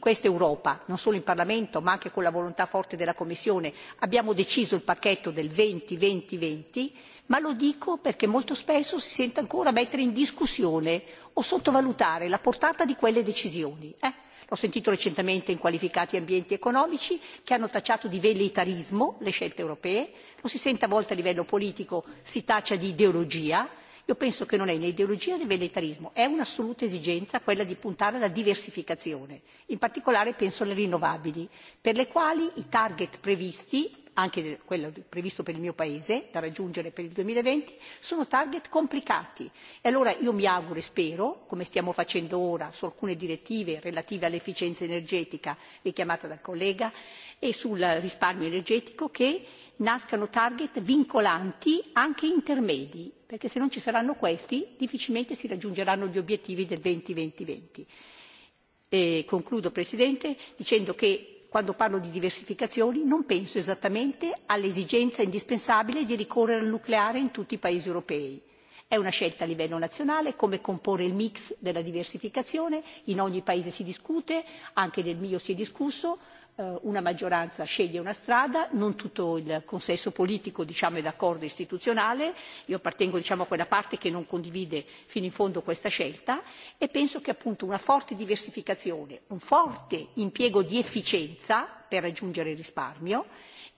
questa Europa, non solo in Parlamento ma anche con la volontà forte della Commissione, abbiamo deciso il pacchetto del venti 20 20 ma lo dico perché molto spesso si sente ancora mettere in discussione o sottovalutare la portata di quelle decisioni. Eh? L'ho sentito recentemente in qualificati ambienti economici che hanno tacciato di velleitarismo le scelte europee, lo si sente a volte a livello politico, si taccia di ideologia. Io penso che non è né ideologia né velleitarismo, è un'assoluta esigenza quella di puntare alla diversificazione, in particolare penso alle rinnovabili, per le quali i target previsti anche quello previsto per il mio Paese, da raggiungere per il duemilaventi, sono target complicati. E allora io mi auguro e spero, come stiamo facendo ora su alcune direttive relative all'efficienza energetica richiamata dal collega e sul risparmio energetico, che nascano target vincolanti anche intermedi, perché se non ci saranno questi difficilmente si raggiungeranno gli obiettivi del 2020 20 20 E concludo Presidente dicendo che quando parlo di diversificazioni, non penso esattamente all'esigenza indispensabile di ricorrere al nucleare in tutti i paesi europei. È una scelta a livello nazionale, come comporre il mix della diversificazione, in ogni paese si discute, anche nel mio si è discusso, Eh, una maggioranza sceglie una strada, non tutto il consenso politico diciamo, è d'accordo istituzionale, io appartengo diciamo, a quella parte che non condivide fino in fondo questa scelta e penso che appunto una forte diversificazione, un forte impiego di efficienza per raggiungere il risparmio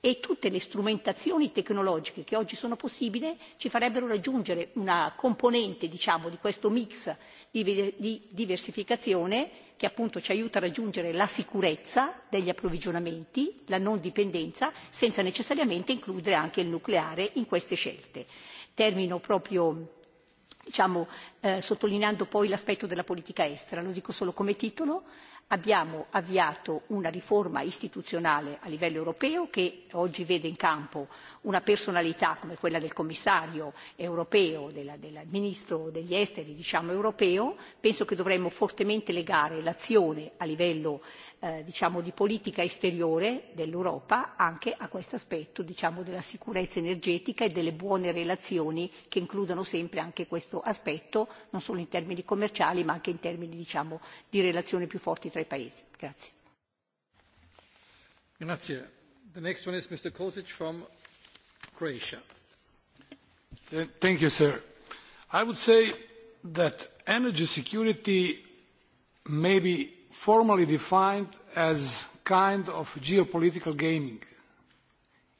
e tutte le strumentazioni tecnologiche che oggi sono possibili ci farebbero raggiungere una componente diciamo, di questo mix di diversificazione che appunto ci aiuta a raggiungere la sicurezza degli approvvigionamenti, la non dipendenza, senza necessariamente includere anche il nucleare in queste scelte. Termino proprio diciamo, eh, sottolineando poi l'aspetto della politica estera, lo dico solo come titolo, abbiamo avviato una riforma istituzionale a livello europeo che oggi vede in campo una personalità come quella del commissario europeo, della, del ministro degli esteri diciamo, europeo. Penso che dovremmo fortemente legare l'azione a livello eh, diciamo, di politica esteriore dell'Europa anche a questo aspetto diciamo, della sicurezza energetica e delle buone relazioni che includano sempre anche questo aspetto, non solo in termini commerciali ma anche in termini diciamo, di relazioni più forti tra nostri paesi. Grazie. Grazie. The next one is Mr. Kosic from Croatia. thank you, sir. I would say that energy security may be formally defined as kind of geopolitical gaming.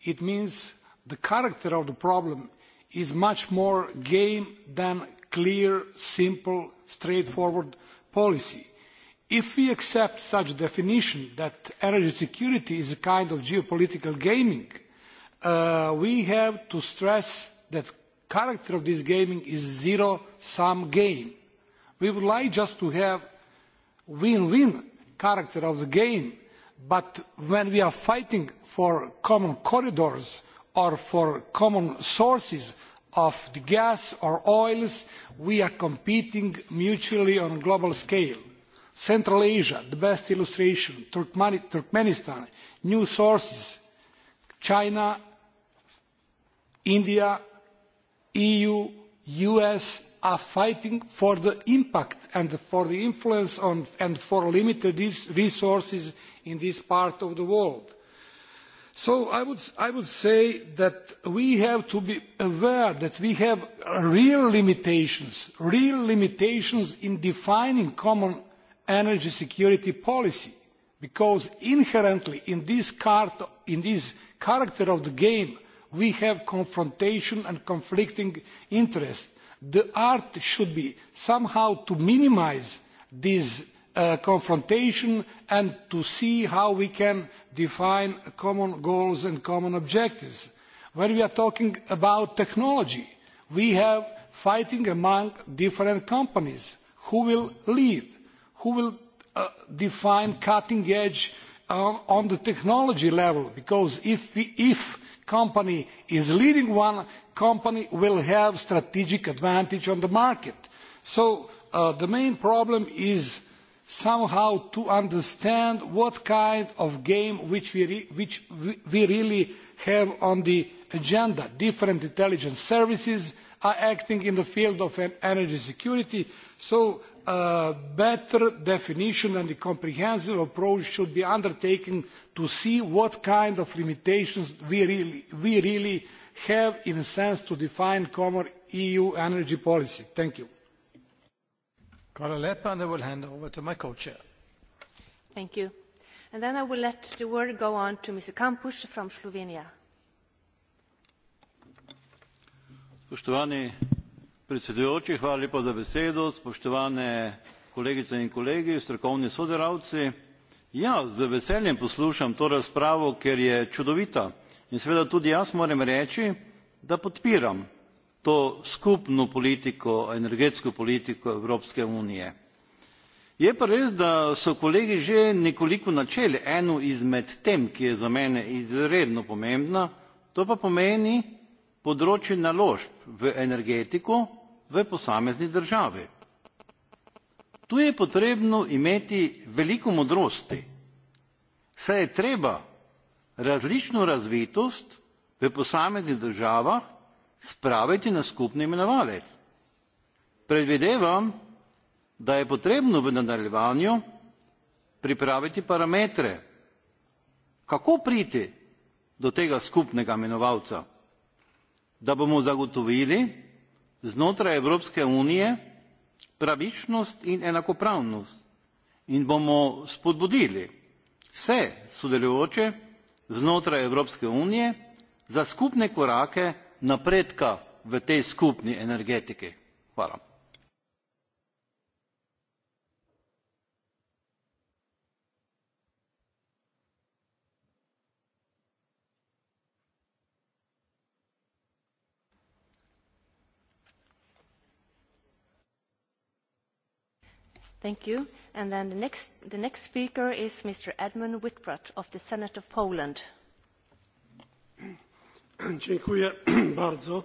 It means the character of the problem is much more game than clear, simple, straightforward policy. If we accept such definition that energy security is a kind of geopolitical gaming, uh, we have to stress that character of this gaming is zero-sum game. We would like just to have win-win character of the game, but when we are fighting for common corridors or for common sources of the gas or oils, we are competing mutually on a global scale Central Asia, the best illustration, Turkmenistan, new sources, China, India, EU, US are fighting for the impact and for the influence on, and for limited resources in this part of the world. So I would, I would say that we have to be aware that we have real limitations, real limitations in defining common energy security policy because inherently in this, in this character of the game we have confrontation and conflicting interests. The art should be somehow to minimize this uh, confrontation and to see how we can define common goals and common objectives. When we are talking about technology, we have fighting among different companies who will lead who will uh, define cutting edge uh, on the technology level? Because if, we, if company is leading one, company will have strategic advantage on the market. So uh, the main problem is somehow to understand what kind of game which we, re which we really have on the agenda. Different intelligence services are acting in the field of energy security. So a better definition and a comprehensive approach should be undertaken to see what kind of limitations we really, we really have in a sense to define common EU energy policy. Thank you. and I will hand over to my co-chair. Thank you. And then I will let the word go on to Mr. from Slovenia. Spoštovani Predsedujoči, hvala lepa za besedo, spoštovane kolegice in kolegi, strokovni sodelavci. Ja, z veseljem poslušam to razpravo, ker je čudovita. In seveda tudi jaz moram reči, da podpiram to skupno politiko, energetsko politiko Evropske unije. Je pa res, da so kolegi že nekoliko načeli eno izmed tem, ki je za mene izredno pomembna, to pa pomeni področje naložb v energetiko, v posamezni državi. Tu je potrebno imeti veliko modrosti, saj je treba različno razvitost v posameznih državah spraviti na skupni imenovalec. Predvidevam, da je potrebno v nadaljevanju pripraviti parametre, kako priti do tega skupnega imenovalca, da bomo zagotovili, znotra Evropske unije pravičnost in enakopravnost in bomo spodbudili vse sodelujoče znotraj Evropske unije za skupne korake napredka v tej skupni energetiki. Hvala. Thank you. And then the next, the next speaker is Mr. Edmund Whitbrat of the Senate of Poland. Dziękuję bardzo.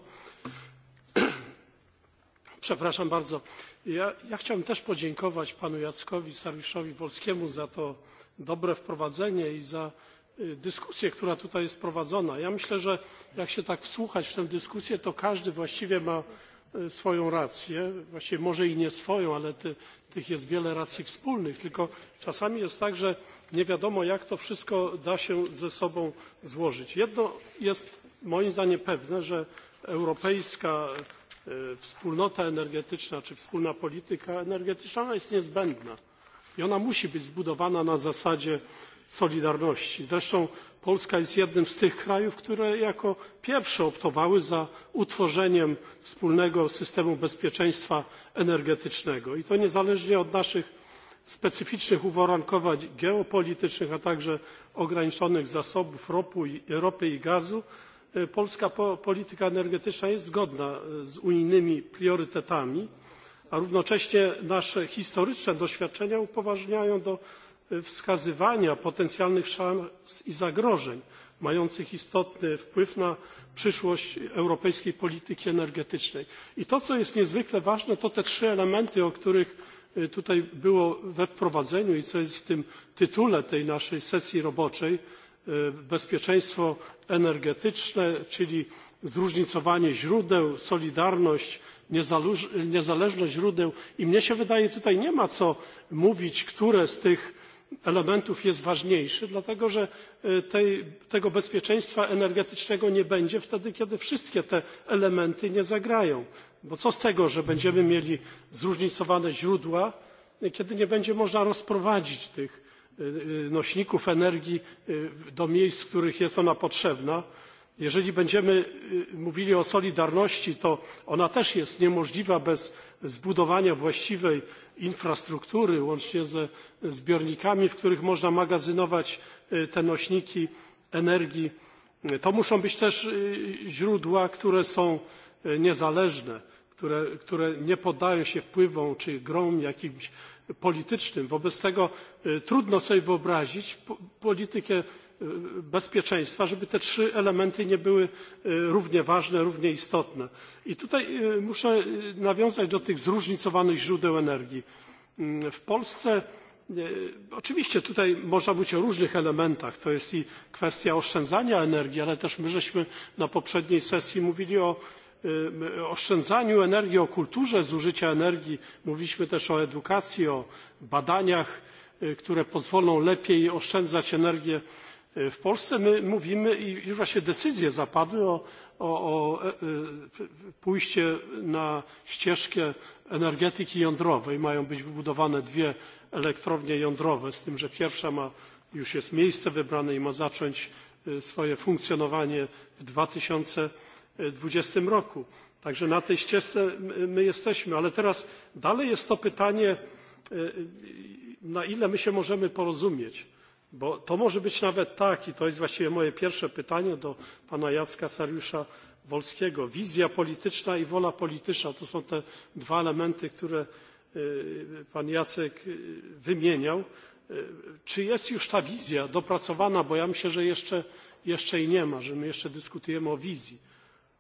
Przepraszam bardzo. Ja, ja chciałem też podziękować panu Jackowi Sariuszowi Wolskiemu za to dobre wprowadzenie i za dyskusję, która tutaj jest prowadzona. Ja myślę, że jak się tak wsłuchać w tę dyskusję, to każdy właściwie ma E, swoją rację, właściwie może i nie swoją, ale ty, tych jest wiele racji wspólnych, tylko czasami jest tak, że nie wiadomo jak to wszystko da się ze sobą złożyć. Jedno jest moim zdaniem pewne, że europejska e, wspólnota energetyczna czy wspólna polityka energetyczna jest niezbędna i ona musi być zbudowana na zasadzie solidarności. Zresztą Polska jest jednym z tych krajów, które jako pierwsze optowały za utworzeniem wspólnego systemu bezpieczeństwa energetycznego i to niezależnie od naszych specyficznych uwarunkowań geopolitycznych, a także ograniczonych zasobów ropy i gazu, polska polityka energetyczna jest zgodna z unijnymi priorytetami, a równocześnie nasze historyczne doświadczenia upoważniają do wskazywania potencjalnych szans i zagrożeń mających istotny wpływ na przyszłość europejskiej polityki energetycznej. I to, co jest niezwykle ważne, to te trzy elementy, o których tutaj było we wprowadzeniu i co jest w tym tytule tej naszej sesji roboczej bezpieczeństwo energetyczne, czyli zróżnicowanie źródeł, solidarność, niezależność źródeł i mnie się wydaje tutaj nie ma co mówić, które z tych elementów jest ważniejszy dlatego że e, tej, tego bezpieczeństwa energetycznego nie będzie wtedy kiedy wszystkie te elementy nie zagrają bo co z tego że będziemy mieli zróżnicowane źródła kiedy nie będzie można rozprowadzić tych e, e, nośników energii do miejsc w których jest ona potrzebna a Jeżeli będziemy mówili o solidarności, to ona też jest niemożliwa bez zbudowania właściwej infrastruktury, łącznie ze zbiornikami, w których można magazynować te nośniki energii. To muszą być też źródła, które są niezależne, które, nie poddają się wpływom czy grom jakimś politycznym. Wobec tego trudno sobie wyobrazić politykę E, bezpieczeństwa, żeby te trzy elementy nie były e, równie ważne, równie istotne. I tutaj e, muszę nawiązać do tych zróżnicowanych źródeł energii. Mm, w Polsce Oczywiście tutaj można mówić o różnych elementach. To jest i kwestia oszczędzania energii, ale też my żeśmy na poprzedniej sesji mówili o oszczędzaniu energii, o kulturze zużycia energii. Mówiliśmy też o edukacji, o badaniach, które pozwolą lepiej oszczędzać energię E, w Polsce my mówimy i już właśnie decyzje zapadły o, o, o e, e, pójście na ścieżkę energetyki jądrowej. Mają być wybudowane dwie elektrownie jądrowe, z tym, że pierwsza ma już jest miejsce wybrane i ma zacząć swoje funkcjonowanie w 2020 roku. Także na tej ścieżce my jesteśmy, ale teraz dalej jest to pytanie, na ile my się możemy porozumieć Bo to może być nawet tak, i to jest właściwie moje pierwsze pytanie do pana Jacka Sariusza Wolskiego. Wizja polityczna i wola polityczna to są te dwa elementy, które pan Jacek wymieniał. Czy jest już ta wizja dopracowana? Bo ja myślę, że jeszcze, jeszcze jej nie ma, że my jeszcze dyskutujemy o wizji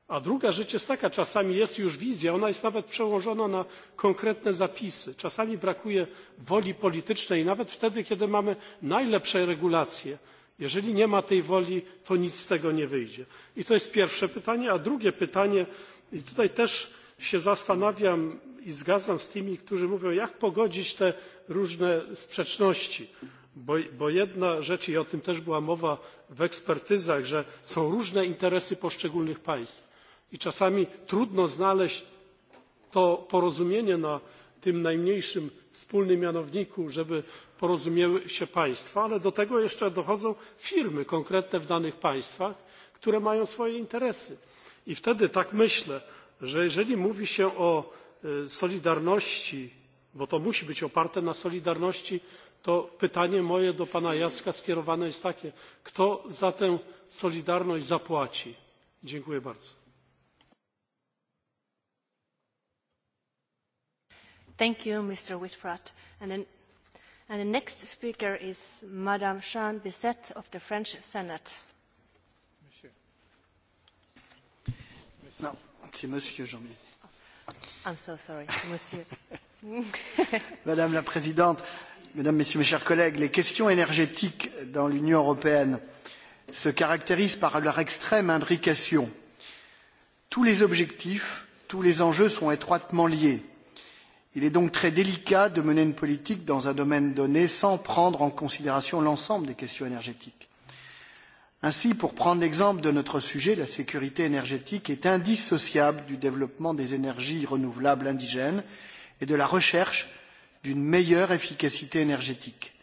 A druga rzecz jest taka, czasami jest już wizja, ona jest nawet przełożona na konkretne zapisy. Czasami brakuje woli politycznej, nawet wtedy, kiedy mamy najlepsze regulacje. Jeżeli nie ma tej woli, to nic z tego nie wyjdzie. I to jest pierwsze pytanie. A drugie pytanie, i tutaj też się zastanawiam i zgadzam z tymi, którzy mówią, jak pogodzić te różne sprzeczności. Bo, bo jedna rzecz, i o tym też była mowa w ekspertyzach, że są różne interesy poszczególnych państw. I czasami trudno znaleźć to porozumienie na tym najmniejszym wspólnym mianowniku, żeby porozumieły się państwa, ale do tego jeszcze dochodzą firmy konkretne w danych państwach, które mają swoje interesy. I wtedy tak myślę, że jeżeli mówi się o e, solidarności, bo to musi być oparte na solidarności, to pytanie moje do pana Jacka skierowane jest takie, kto za tę solidarność zapłaci? Dziękuję bardzo. Thank you, Mr. Whitprat. And, then, and the next speaker is Madame Jean Bisset of the French Senate. Monsieur. Monsieur. No, Monsieur Jean I'm so sorry, Monsieur. Madame la Présidente, Mesdames, Messieurs, mes chers collègues, les questions énergétiques dans l'Union européenne se caractérisent par leur extrême imbrication. Tous les objectifs, tous les enjeux sont étroitement liés Il est donc très délicat de mener une politique dans un domaine donné sans prendre en considération l'ensemble des questions énergétiques. Ainsi, pour prendre l'exemple de notre sujet, la sécurité énergétique est indissociable du développement des énergies renouvelables indigènes et de la recherche d'une meilleure efficacité énergétique.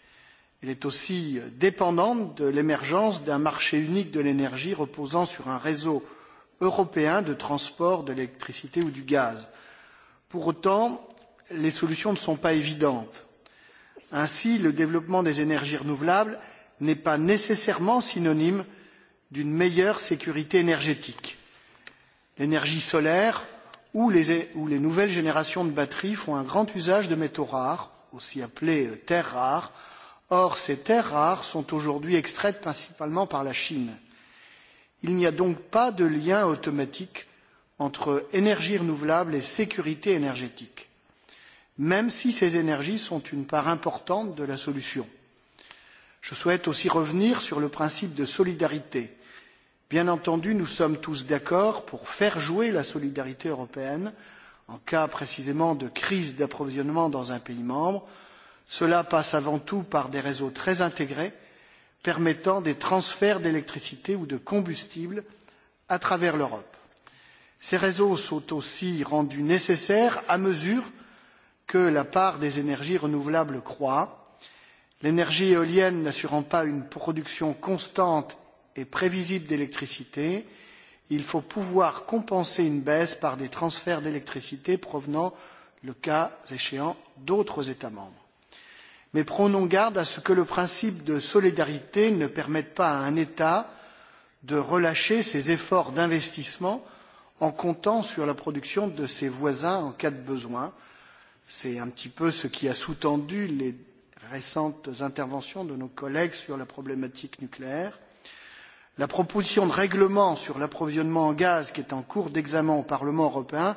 Elle est aussi dépendante de l'émergence d'un marché unique de l'énergie reposant sur un réseau européen de transport de l'électricité ou du gaz. Pour autant, les solutions ne sont pas évidentes. Ainsi, le développement des énergies renouvelables n'est pas nécessairement synonyme d'une meilleure sécurité énergétique. L'énergie solaire ou les, ou les nouvelles générations de batteries font un grand usage de métaux rares, aussi appelés euh, terres rares. Or, ces terres rares sont aujourd'hui extraites principalement par la Chine. Il n'y a donc pas de lien automatique entre énergie renouvelable et sécurité énergétique même si ces énergies sont une part importante de la solution. Je souhaite aussi revenir sur le principe de solidarité. Bien entendu, nous sommes tous d'accord pour faire jouer la solidarité européenne en cas précisément de crise d'approvisionnement dans un pays membre. Cela passe avant tout par des réseaux très intégrés permettant des transferts d'électricité ou de combustible à travers l'Europe. Ces réseaux sont aussi rendus nécessaires à mesure que la part des énergies renouvelables croît, l'énergie éolienne n'assurant pas une production constante et prévisible d'électricité, il faut pouvoir compenser une baisse par des transferts d'électricité provenant, le cas échéant, d'autres États membres. Mais prenons garde à ce que le principe de solidarité ne permette pas à un État de relâcher ses efforts d'investissement en comptant sur la production de ses voisins en cas de besoin, C'est un petit peu ce qui a sous-tendu les récentes interventions de nos collègues sur la problématique nucléaire. La proposition de règlement sur l'approvisionnement en gaz qui est en cours d'examen au Parlement européen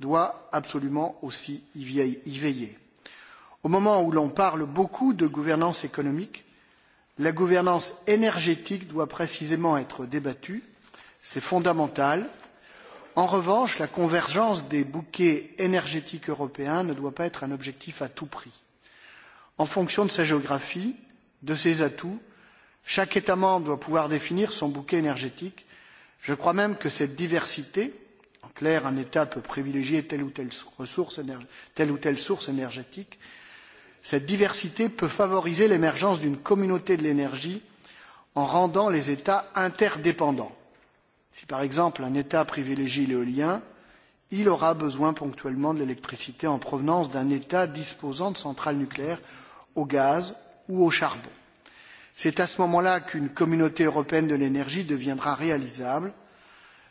doit absolument aussi y veiller. Au moment où l'on parle beaucoup de gouvernance économique, la gouvernance énergétique doit précisément être débattue. C'est fondamental. En revanche, la convergence des bouquets énergétiques européens ne doit pas être un objectif à tout prix. En fonction de sa géographie, de ses atouts, chaque État membre doit pouvoir définir son bouquet énergétique. Je crois même que cette diversité, en clair, un État peut privilégier telle ou telle, ressource, telle, ou telle source énergétique, cette diversité peut favoriser l'émergence d'une communauté de l'énergie en rendant les États interdépendants. Si par exemple un État privilégie l'éolien, il aura besoin ponctuellement de l'électricité en provenance d'un État disposant de centrales nucléaires au gaz ou au charbon. C'est à ce moment-là qu'une communauté européenne de l'énergie deviendra réalisable.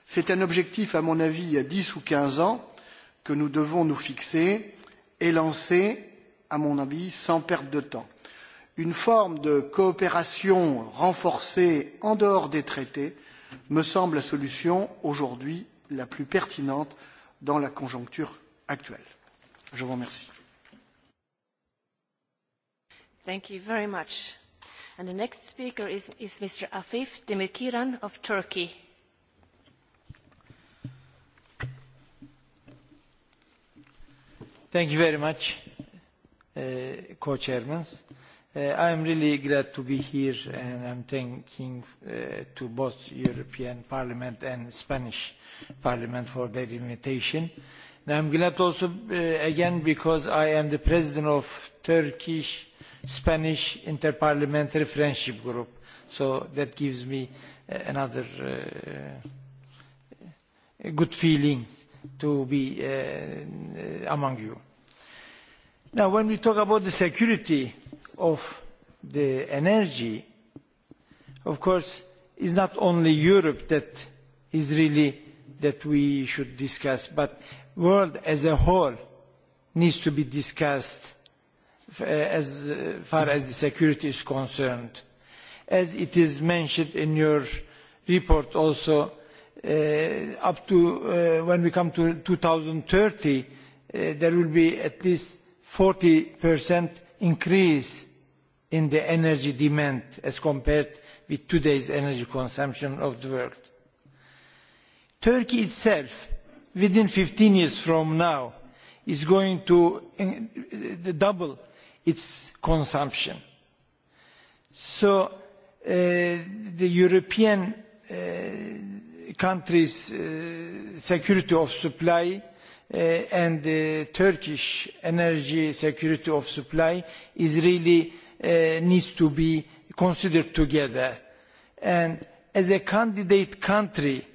C'est un objectif, à mon avis, il y a 10 ou 15 ans que nous devons nous fixer et lancer, à mon avis, sans perte de temps. Une forme de coopération renforcée en dehors des traités me semble la solution aujourd'hui la plus pertinente dans la conjoncture actuelle. Je vous remercie. Thank you very much. And the next speaker is, is Mr. Afif Demirkiran of Turkey. Thank you very much, uh, co-chairmans. Uh, I am really glad to be here and I'm thanking uh, to both European Parliament and Spanish Parliament for their invitation. And I'm glad also uh, again because I am the president of Turkish Spanish Interparliamentary Friendship Group. So that gives me uh, another uh, good feeling to be uh, among you. Now when we talk about the security of the energy, of course, is not only Europe that is really that we should discuss, but the world as a whole needs to be discussed eh, as eh, far as the security is concerned. As it is mentioned in your report also, uh, up to uh, when we come to 2030, uh, there will be at least 40 percent increase in the energy demand as compared with today's energy consumption of the world. Turkey itself, within 15 years from now, is going to uh, double its consumption. So uh, the European uh, countries' uh, security of supply uh, and the Turkish energy security of supply is really uh, needs to be considered together. And as a candidate country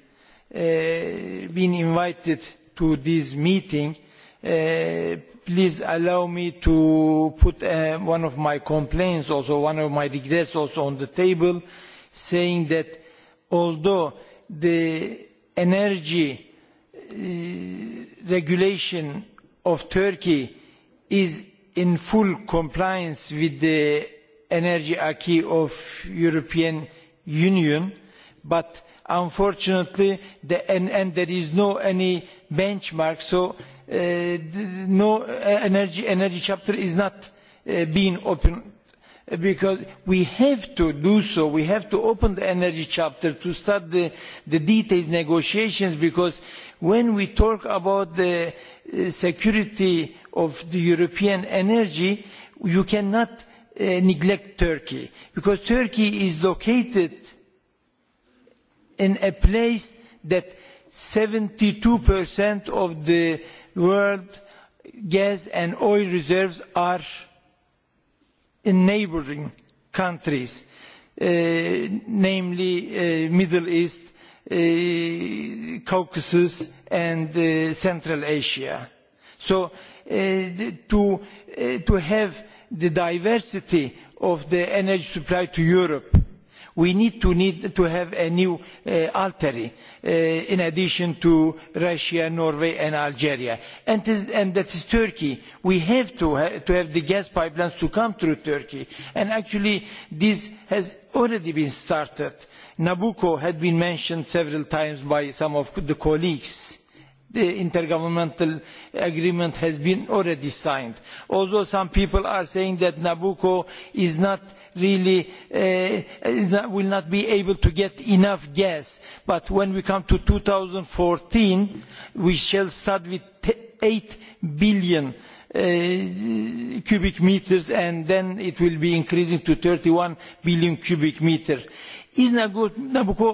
uh, being invited to this meeting, uh, please allow me to put uh, one of my complaints, also one of my regrets also on the table, saying that although the energy Uh, regulation of Turkey is in full compliance with the energy acquis of the European Union, but unfortunately, the, and, and there is no any benchmark, so uh, no uh, energy, energy chapter is not uh, being opened because we have to do so. We have to open the energy chapter to start the, the detailed negotiations because when we talk about the uh, security of the European energy, you cannot uh, neglect Turkey because Turkey is located in a place that 72% of the world gas and oil reserves are in neighbouring countries, uh, namely uh, Middle East, uh, Caucasus and uh, Central Asia. So uh, to, uh, to have the diversity of the energy supply to Europe we need to, need to have a new uh, altary uh, in addition to Russia, Norway and Algeria. And, and that is Turkey. We have to, ha to have the gas pipelines to come through Turkey. And actually this has already been started. Nabucco had been mentioned several times by some of the colleagues the intergovernmental agreement has been already signed. Although some people are saying that Nabucco is not really uh, is not, will not be able to get enough gas, but when we come to 2014, we shall start with 8 billion Uh, cubic meters and then it will be increasing to thirty one billion cubic meters. Is Nabucco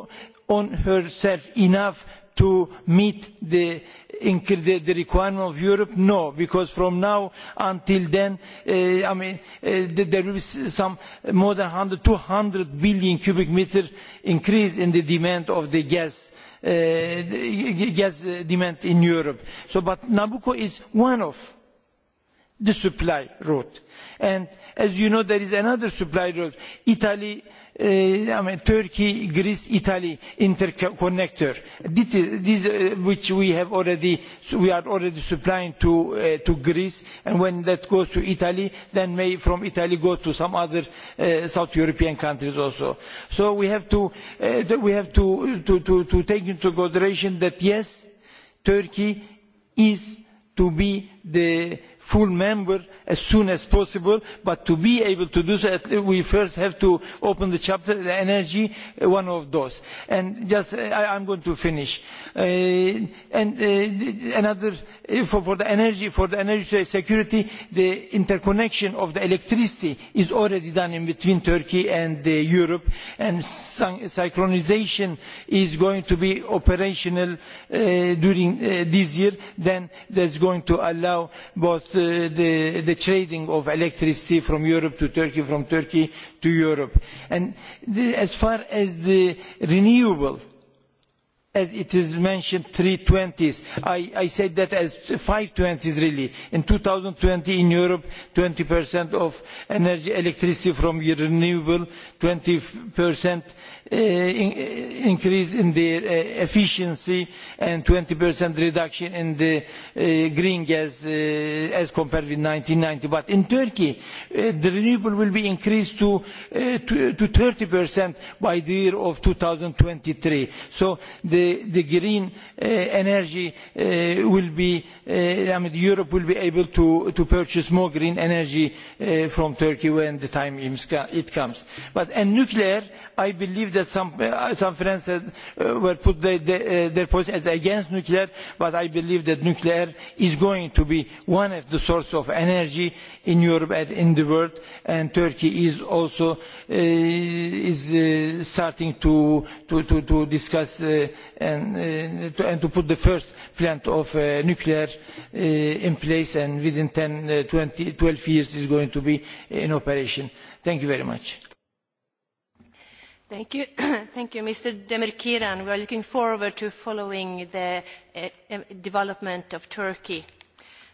on herself enough to meet the, the requirement of Europe? No, because from now until then, uh, I mean, uh, there will be some more than 100, 200 billion cubic meter increase in the demand of the gas, uh, gas demand in Europe. So, but Nabucco is one of the supply route. And as you know, there is another supply route. Italy I eh, mean, Turkey, Greece, Italy interconnector. This, uh, which we have already, we are already supplying to, uh, to Greece, and when that goes to Italy, then may from Italy go to some other uh, South European countries also. So we have to, uh, we have to, to, to, to take into consideration that yes, Turkey is to be the full member as soon as possible, but to be able to do so, we first have to open the chapter, the energy, uh, one of those. And just, uh, I, I'm going to finish. Uh, and uh, another, uh, for, for the energy, for the energy security, the interconnection of the electricity is already done in between Turkey and uh, Europe, and synchronization is going to be operational uh, during uh, this year, then that's going to allow both uh, the, the trading of electricity from Europe to Turkey, from Turkey to Europe. And the, as far as the renewable, as it is mentioned, 320s. I, I said that as 520s really. In 2020 in Europe, 20% of energy, electricity from renewable, 20% uh, increase in the uh, efficiency and 20% reduction in the uh, green gas uh, as compared with 1990. But in Turkey, uh, the renewable will be increased to, uh, to, to 30% by the year of 2023. So the, the green uh, energy uh, will be, uh, I mean, Europe will be able to, to purchase more green energy uh, from Turkey when the time it comes. But and nuclear, I believe that some, uh, some friends said, uh, were put their, uh, their position as against nuclear, but I believe that nuclear is going to be one of the sources of energy in Europe and in the world, and Turkey is also uh, is uh, starting to, to, to, to discuss uh, and, uh, to, and to put the first plant of uh, nuclear uh, in place, and within 10, uh, 20, 12 years is going to be in operation. Thank you very much. Thank you. Thank you, Mr. Demirkiran. We are looking forward to following the uh, development of Turkey.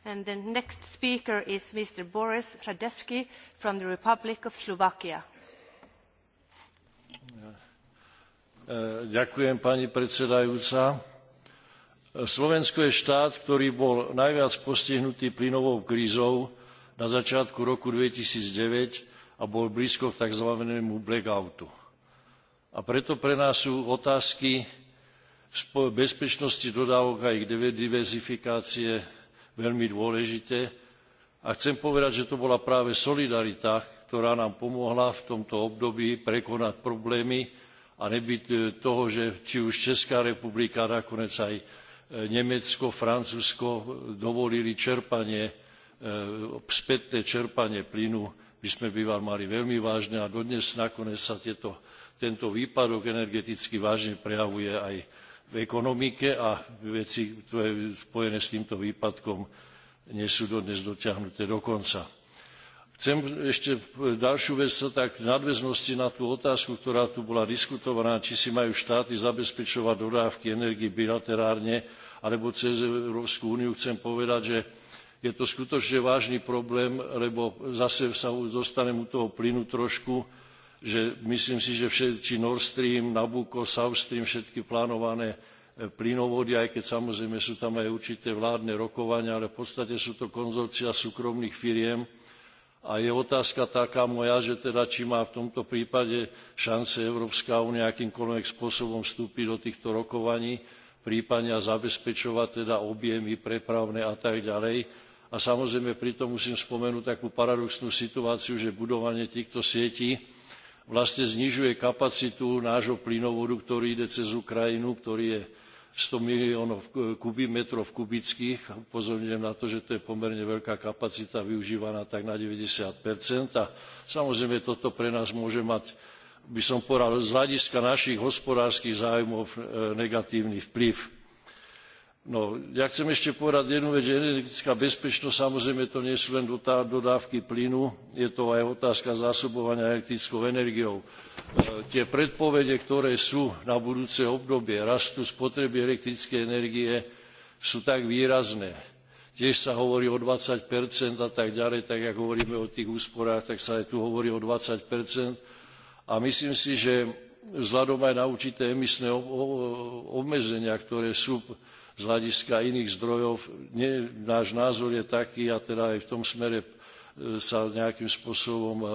And the next speaker is Mr. Boris Radeski from the Republic of Slovakia. Eh, ďakujem, pani predsedajúca. Eh, Slovensko je štát, ktorý bol najviac postihnutý plynovou krízou na začiatku roku 2009 a bol blízko k tzv. blackoutu A preto pre nás sú otázky bezpečnosti dodávok a ich diverzifikácie veľmi dôležité. A chcem povedať, že to bola práve solidarita, ktorá nám pomohla v tomto období prekonať problémy a nebyť e, toho, že či už Česká republika, nakoniec aj e, Nemecko, Francúzsko e, dovolili čerpanie, spätné čerpanie plynu, by sme bývali mali veľmi vážne a dodnes nakoniec sa tieto tento výpadok energeticky vážne prejavuje aj v ekonomike a veci, ktoré spojené s týmto výpadkom nie sú dodnes dotiahnuté do konca. Chcem ešte ďalšiu vec sa tak v nadväznosti na tú otázku, ktorá tu bola diskutovaná, či si majú štáty zabezpečovať dodávky energii bilaterárne alebo cez Európsku úniu, chcem povedať, že je to skutočne vážny problém, lebo zase sa dostanem u toho plynu trošku, že myslím si, že všetci Nord Stream, Nabucco, South Stream, všetky plánované e, plynovody, aj keď samozrejme sú tam aj určité vládne rokovania, ale v podstate sú to konzorcia súkromných firiem. A je otázka taká moja, že teda či má v tomto prípade šance Európska únia akýmkoľvek spôsobom vstúpiť do týchto rokovaní, prípadne a zabezpečovať teda objemy prepravné a tak ďalej. A samozrejme pritom musím spomenúť takú paradoxnú situáciu, že budovanie týchto sietí vlastne znižuje kapacitu nášho plynovodu, ktorý ide cez Ukrajinu, ktorý je 100 miliónov metrov kubických. Upozorňujem na to, že to je pomerne veľká kapacita využívaná tak na 90 A samozrejme toto pre nás môže mať, by som poral, z hľadiska našich hospodárskych záujmov eh, negatívny vplyv No, jak chcem ještě povedať jednu věc, energetická bezpečnost, samozřejmě to nejsou jen dodávky plynu, je to aj otázka zásobovania elektrickou energiou. E, tie predpovede, ktoré sú na budúce obdobie rastu spotreby elektrickej energie, sú tak výrazné. Tiež sa hovorí o 20 a tak ďalej, tak jak hovoríme o tých úsporách, tak sa aj tu hovorí o 20 a myslím si, že vzhľadom aj na určité emisné obmedzenia, ktoré sú z hľadiska iných zdrojov. Nie, náš názor je taký, a teda aj v tom smere e, sa nejakým spôsobom e,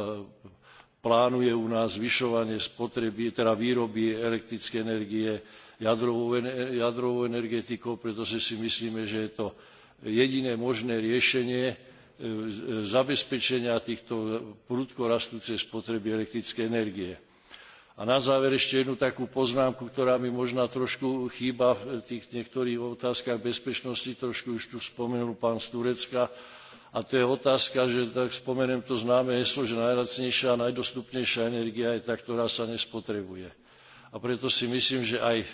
plánuje u nás zvyšovanie spotreby, teda výroby elektrické energie jadrovou, jadrovou energetikou, pretože si myslíme, že je to jediné možné riešenie e, zabezpečenia týchto prudko rastúcej spotreby elektrickej energie. A na záver ešte jednu takú poznámku, ktorá mi možná trošku chýba v tých niektorých otázkach bezpečnosti, trošku už tu spomenul pán z Turecka, a to je otázka, že tak spomenem to známe heslo, že najlacnejšia a najdostupnejšia energia je tá, ktorá sa nespotrebuje. A preto si myslím, že aj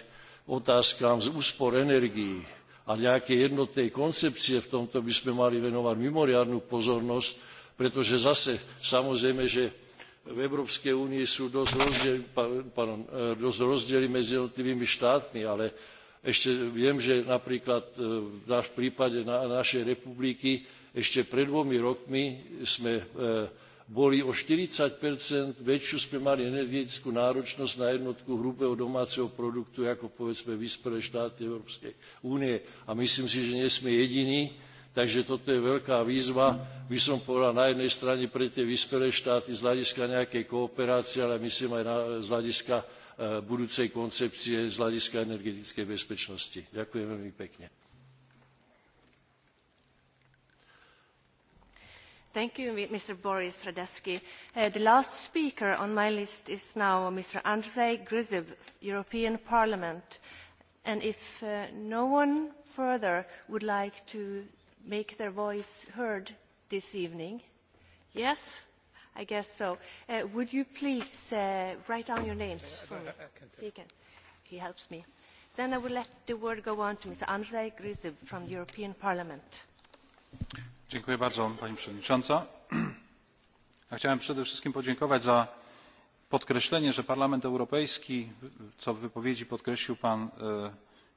otázkám z úspor energií a nejakej jednotnej koncepcie v tomto by sme mali venovať mimoriadnu pozornosť, pretože zase samozrejme, že v Evropské unii jsou dost rozdíly, pardon, eh, dost rozdíly mezi jednotlivými štátmi, ale ešte viem, že napríklad eh, v naš prípade na, našej republiky ešte pred dvomi rokmi sme eh, boli o 40 väčšiu sme mali energetickú náročnosť na jednotku hrubého domáceho produktu ako povedzme vyspelé štáty Európskej únie. A myslím si, že nie sme jediní, Takže toto je veľká výzva. By som povedal na jednej strane pre tie vyspelé štáty z hľadiska nejakej kooperácie, ale myslím aj na, z hľadiska e, budúcej koncepcie, z hľadiska energetickej bezpečnosti. Ďakujem veľmi pekne. Thank you, Mr. Boris Radesky. Uh, the last speaker on my list is now Mr. Andrzej Grzyb, European Parliament. And if uh, no one further would like to make their voice heard this evening? Yes? I guess so. Uh, would you please uh, write down your names uh, for me? Uh, uh, he, can. he helps me. Then I will let the word go on to Mr. Andrzej Grzyb from the European Parliament. Dziękuję bardzo Pani Przewodnicząca. Ja chciałem przede wszystkim podziękować za podkreślenie, że Parlament Europejski, co w wypowiedzi podkreślił Pan e,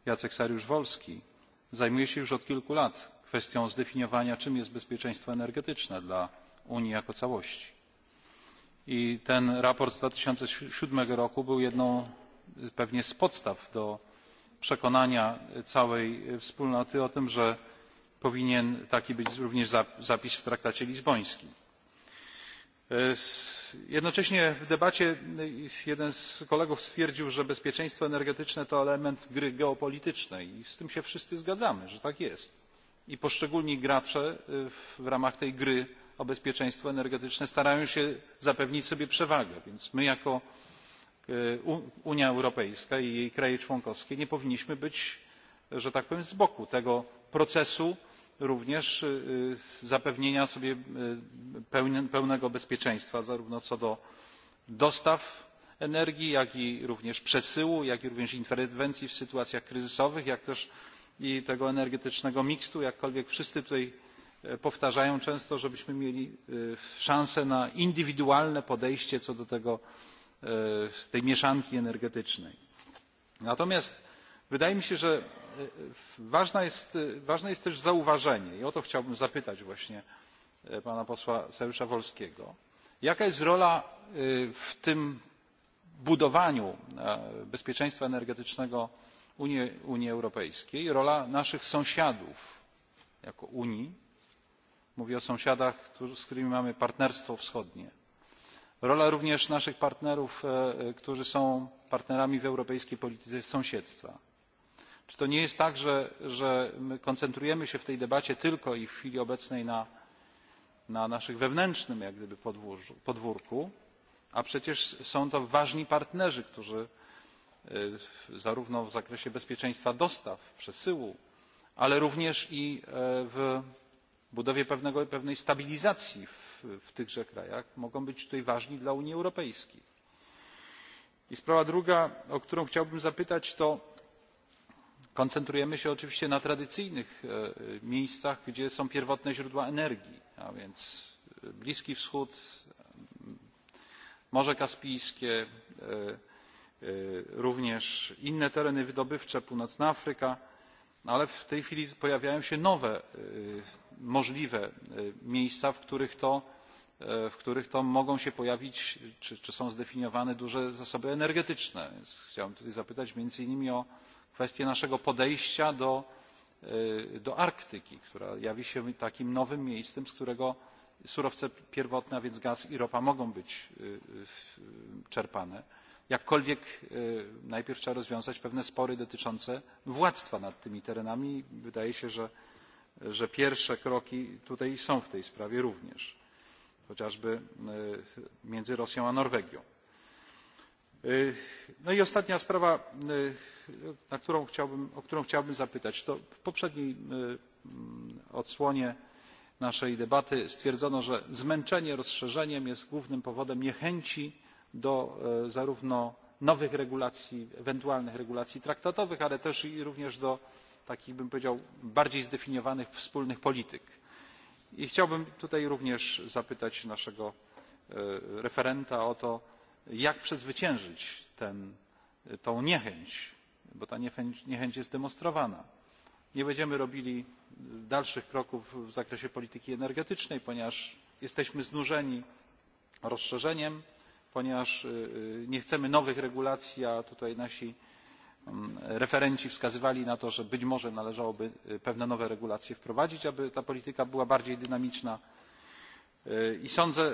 Jacek Sariusz-Wolski, zajmuje się już od kilku lat kwestią zdefiniowania, czym jest bezpieczeństwo energetyczne dla Unii jako całości. I ten raport z 2007 roku był jedną pewnie z podstaw do przekonania całej wspólnoty o tym, że powinien taki być również zapis w traktacie lizbońskim. Jednocześnie w debacie jeden z kolegów stwierdził, że bezpieczeństwo energetyczne to element gry geopolitycznej i z tym się wszyscy zgadzamy, że tak jest i poszczególni gracze w ramach tej gry o bezpieczeństwo energetyczne starają się zapewnić sobie przewagę więc my jako unia europejska i jej kraje członkowskie nie powinniśmy być że tak powiem z boku tego procesu również zapewnienia sobie pełnego bezpieczeństwa zarówno co do dostaw energii jak i również przesyłu jak i również interwencji w sytuacjach kryzysowych jak też i tego energetycznego mikstu, jakkolwiek wszyscy tutaj e, powtarzają często, żebyśmy mieli e, szansę na indywidualne podejście co do tego, e, tej mieszanki energetycznej. Natomiast wydaje mi się, że ważne jest, ważne jest też zauważenie i o to chciałbym zapytać właśnie pana posła Serusza Wolskiego. Jaka jest rola w tym budowaniu bezpieczeństwa energetycznego Unii, Europejskiej, rola naszych sąsiadów jako Unii, mówię o sąsiadach, z którymi mamy partnerstwo wschodnie, rola również naszych partnerów, e, e, którzy są partnerami w europejskiej polityce sąsiedztwa. Czy to nie jest tak, że, że my koncentrujemy się w tej debacie tylko i w chwili obecnej na, na naszych wewnętrznym jak gdyby podwórku, a przecież są to ważni partnerzy, którzy zarówno w zakresie bezpieczeństwa dostaw, przesyłu, ale również i e, w budowie pewnej stabilizacji w, w tychże krajach mogą być tutaj ważni dla Unii Europejskiej. I sprawa druga, o którą chciałbym zapytać, to koncentrujemy się oczywiście na tradycyjnych e, miejscach, gdzie są pierwotne źródła energii, a więc e, Bliski Wschód, Morze Kaspijskie, E, również inne tereny wydobywcze północna afryka ale w tej chwili pojawiają się nowe e, możliwe e, miejsca w których to, mogą się pojawić czy, są zdefiniowane duże zasoby energetyczne. Więc chciałem tutaj zapytać między innymi o kwestię naszego podejścia do arktyki która jawi się takim nowym miejscem z którego surowce pierwotne a więc gaz i ropa mogą być czerpane Jakkolwiek e, najpierw trzeba rozwiązać pewne spory dotyczące władztwa nad tymi terenami. Wydaje się, że, że pierwsze kroki tutaj są w tej sprawie również, chociażby e, między Rosją a Norwegią. E, no i ostatnia sprawa, na którą chciałbym, o którą chciałbym zapytać. To w poprzedniej mm, odsłonie naszej debaty stwierdzono, że zmęczenie rozszerzeniem jest głównym powodem niechęci do e, zarówno nowych regulacji, ewentualnych regulacji traktatowych, ale też i również do takich, bym powiedział, bardziej zdefiniowanych wspólnych polityk. I chciałbym tutaj również zapytać naszego e, referenta o to, jak przezwyciężyć tę e, niechęć, bo ta niechęć, jest demonstrowana. Nie będziemy robili dalszych kroków w zakresie polityki energetycznej, ponieważ jesteśmy znużeni rozszerzeniem ponieważ nie chcemy nowych regulacji, a tutaj nasi referenci wskazywali na to, że być może należałoby pewne nowe regulacje wprowadzić, aby ta polityka była bardziej dynamiczna. I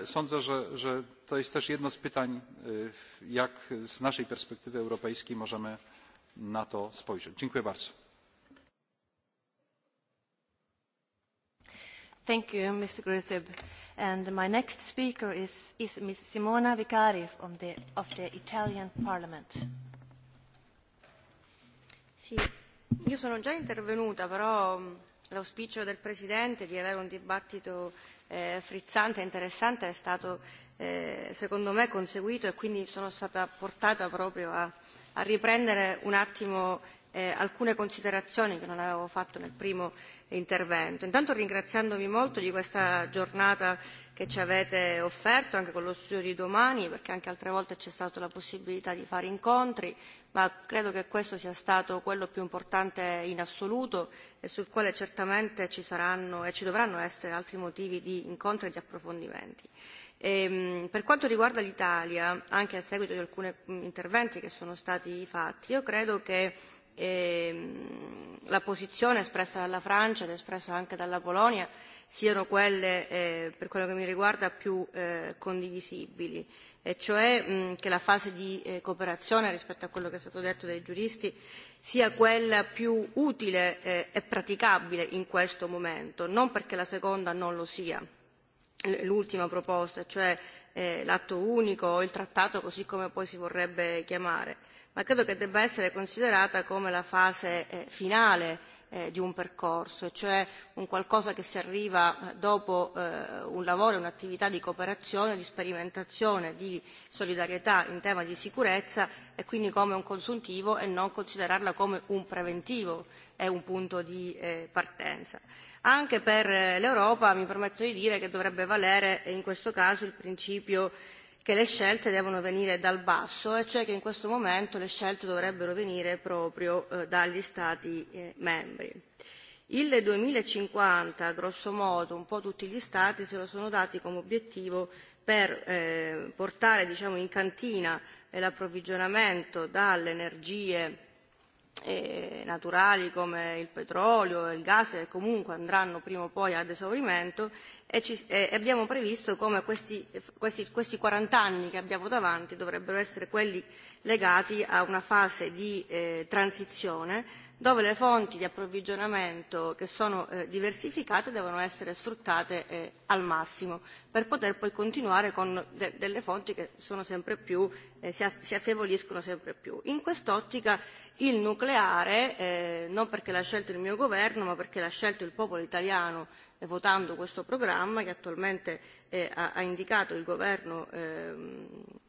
sądzę, że to jest też jedno z pytań, jak z naszej perspektywy europejskiej możemy na to spojrzeć. Dziękuję bardzo. Thank you, Mr. Grusub. And my next speaker is, is Ms. Simona Vicari of the, of the Italian Parliament. Sì, io sono già intervenuta, però mm, l'auspicio del Presidente di avere un dibattito eh, frizzante e interessante è stato, eh, secondo me, conseguito e quindi sono stata portata proprio a, a riprendere un attimo eh, alcune considerazioni che non avevo fatto nel primo intervento. Intanto ringraziandomi molto di questa giornata che ci avete offerto anche con lo studio di domani, perché anche altre volte c'è stata la possibilità di fare incontri, ma credo che questo sia stato quello più importante in assoluto e sul quale certamente ci saranno e ci dovranno essere altri motivi di incontri e di approfondimenti. E, per quanto riguarda l'Italia, anche a seguito di alcuni interventi che sono stati fatti, io credo che ehm, la posizione espressa dalla Francia ed espressa anche dalla Polonia siano quelle, eh, per quello che mi riguarda, più eh, condivisibili, e cioè mh, che la fase di eh, cooperazione rispetto a quello che è stato detto dai giuristi sia quella più utile eh, e praticabile in questo momento, non perché la seconda non lo sia, l'ultima proposta, cioè eh, l'atto unico o il trattato così come poi si vorrebbe chiamare ma credo che debba essere considerata come la fase eh, finale eh, di un percorso, e cioè un qualcosa che si arriva eh, dopo eh, un lavoro, un'attività di cooperazione, di sperimentazione, di solidarietà in tema di sicurezza e quindi come un consuntivo e non considerarla come un preventivo è un punto di eh, partenza. Anche per eh, l'Europa mi permetto di dire che dovrebbe valere in questo caso il principio che le scelte devono venire dal basso e cioè che in questo momento le scelte dovrebbero venire proprio eh, dagli Stati eh, membri. Il 2050, grosso modo, un po' tutti gli Stati se lo sono dati come obiettivo per eh, portare diciamo, in cantina l'approvvigionamento dalle energie eh, naturali come il petrolio e il gas che comunque andranno prima o poi ad esaurimento e, ci, e, e abbiamo previsto come questi, questi, questi 40 anni che abbiamo davanti dovrebbero essere quelli legati a una fase di eh, transizione dove le fonti di approvvigionamento che sono eh, diversificate devono essere sfruttate eh, al massimo per poter poi continuare con de- delle fonti che sono sempre più, eh, si, a- si affievoliscono sempre più. In quest'ottica il nucleare, eh, non perché l'ha scelto il mio governo ma perché l'ha scelto il popolo italiano Eh, votando questo programma che attualmente eh, ha, ha indicato il governo, eh,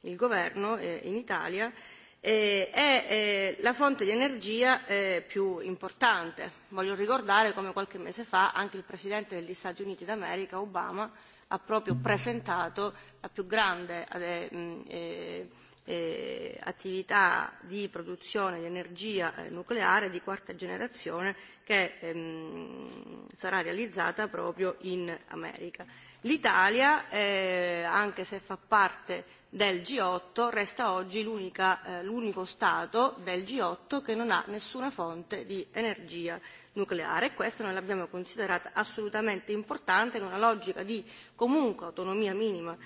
il governo eh, in Italia eh, è eh, la fonte di energia eh, più importante. Voglio ricordare come qualche mese fa anche il Presidente degli Stati Uniti d'America, Obama, ha proprio mm. presentato la più grande eh, eh, eh, attività di produzione di energia eh, nucleare di quarta generazione che ehm, sarà realizzata proprio in America. L'Italia, eh, anche se fa parte del G8, resta oggi eh, l'unico eh, Stato del G8 che non ha nessuna fonte di energia nucleare e questo noi l'abbiamo considerata assolutamente importante in una logica di comunque autonomia minima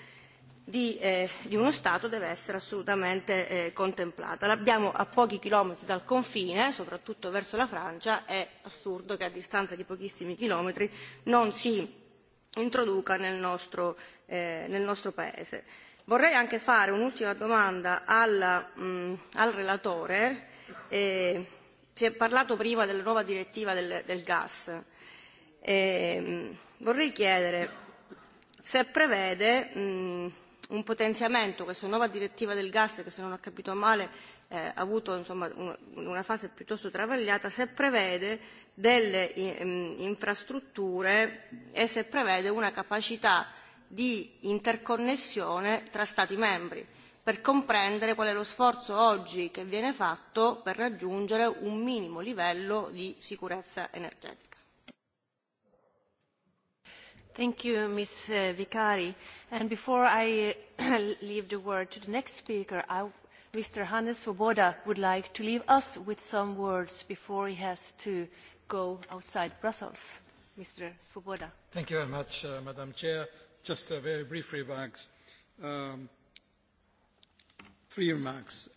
di, eh, di uno Stato deve essere assolutamente eh, contemplata. L'abbiamo a pochi chilometri dal confine, soprattutto verso la Francia, è assurdo che a distanza di pochissimi chilometri non si introduca nel nostro, eh, nel nostro Paese. Vorrei anche fare un'ultima domanda al, mh, mm, al relatore. Eh, si è parlato prima della nuova direttiva del, del gas. Eh, vorrei chiedere se prevede mh, mm, un potenziamento, questa nuova direttiva del gas, che se non ho capito male eh, ha avuto insomma, un, una fase piuttosto travagliata, se prevede delle in, ehm, infrastrutture e se prevede una capacità di interconnessione tra Stati membri per comprendere qual è lo sforzo oggi che viene fatto per raggiungere un minimo livello di sicurezza energetica. Thank you, Ms. Uh, Vicari. And before I leave the word to the next speaker, I, Mr. Hannes Svoboda would like to leave us with some words before he has to go outside Brussels. Mr. Svoboda. Thank you very much, uh, Madam Chair. Just a very brief remarks. Um, three remarks.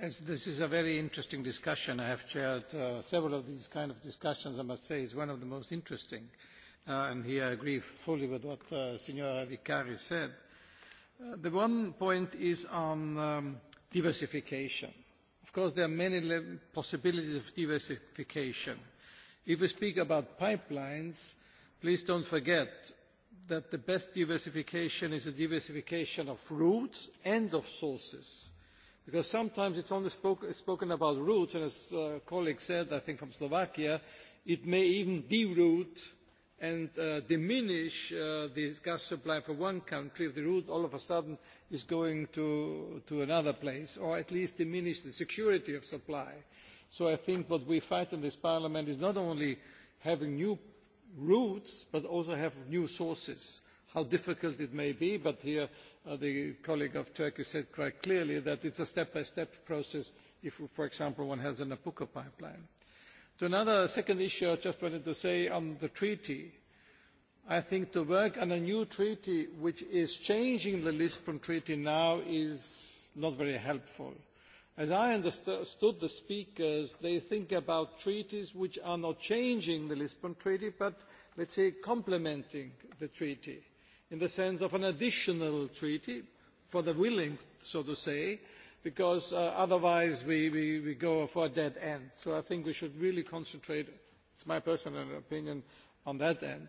As this is a very interesting discussion, I have chaired uh, several of these kind of discussions, I must say, it's one of the most interesting. Uh, Uh, and here I agree fully with what uh, Signora Vicari said. Uh, the one point is on um, diversification. Of course, there are many possibilities of diversification. If we speak about pipelines, please don't forget that the best diversification is a diversification of routes and of sources. Because sometimes it's only spoke, spoken about routes, and as a uh, colleague said, I think from Slovakia, it may even deroute and uh, diminish uh, the gas supply for one country if the route all of a sudden is going to, to another place, or at least diminish the security of supply. So I think what we fight in this parliament is not only having new routes, but also have new sources, how difficult it may be, but here uh, the colleague of Turkey said quite clearly that it's a step-by-step -step process if, for example, one has a Nabucco pipeline. To another second issue I just wanted to say on the treaty. I think to work on a new treaty which is changing the Lisbon Treaty now is not very helpful. As I understood the speakers, they think about treaties which are not changing the Lisbon Treaty, but let's say complementing the treaty in the sense of an additional treaty for the willing, so to say, because uh, otherwise we, we, we go for a dead end. So I think we should really concentrate, it's my personal opinion, on that end.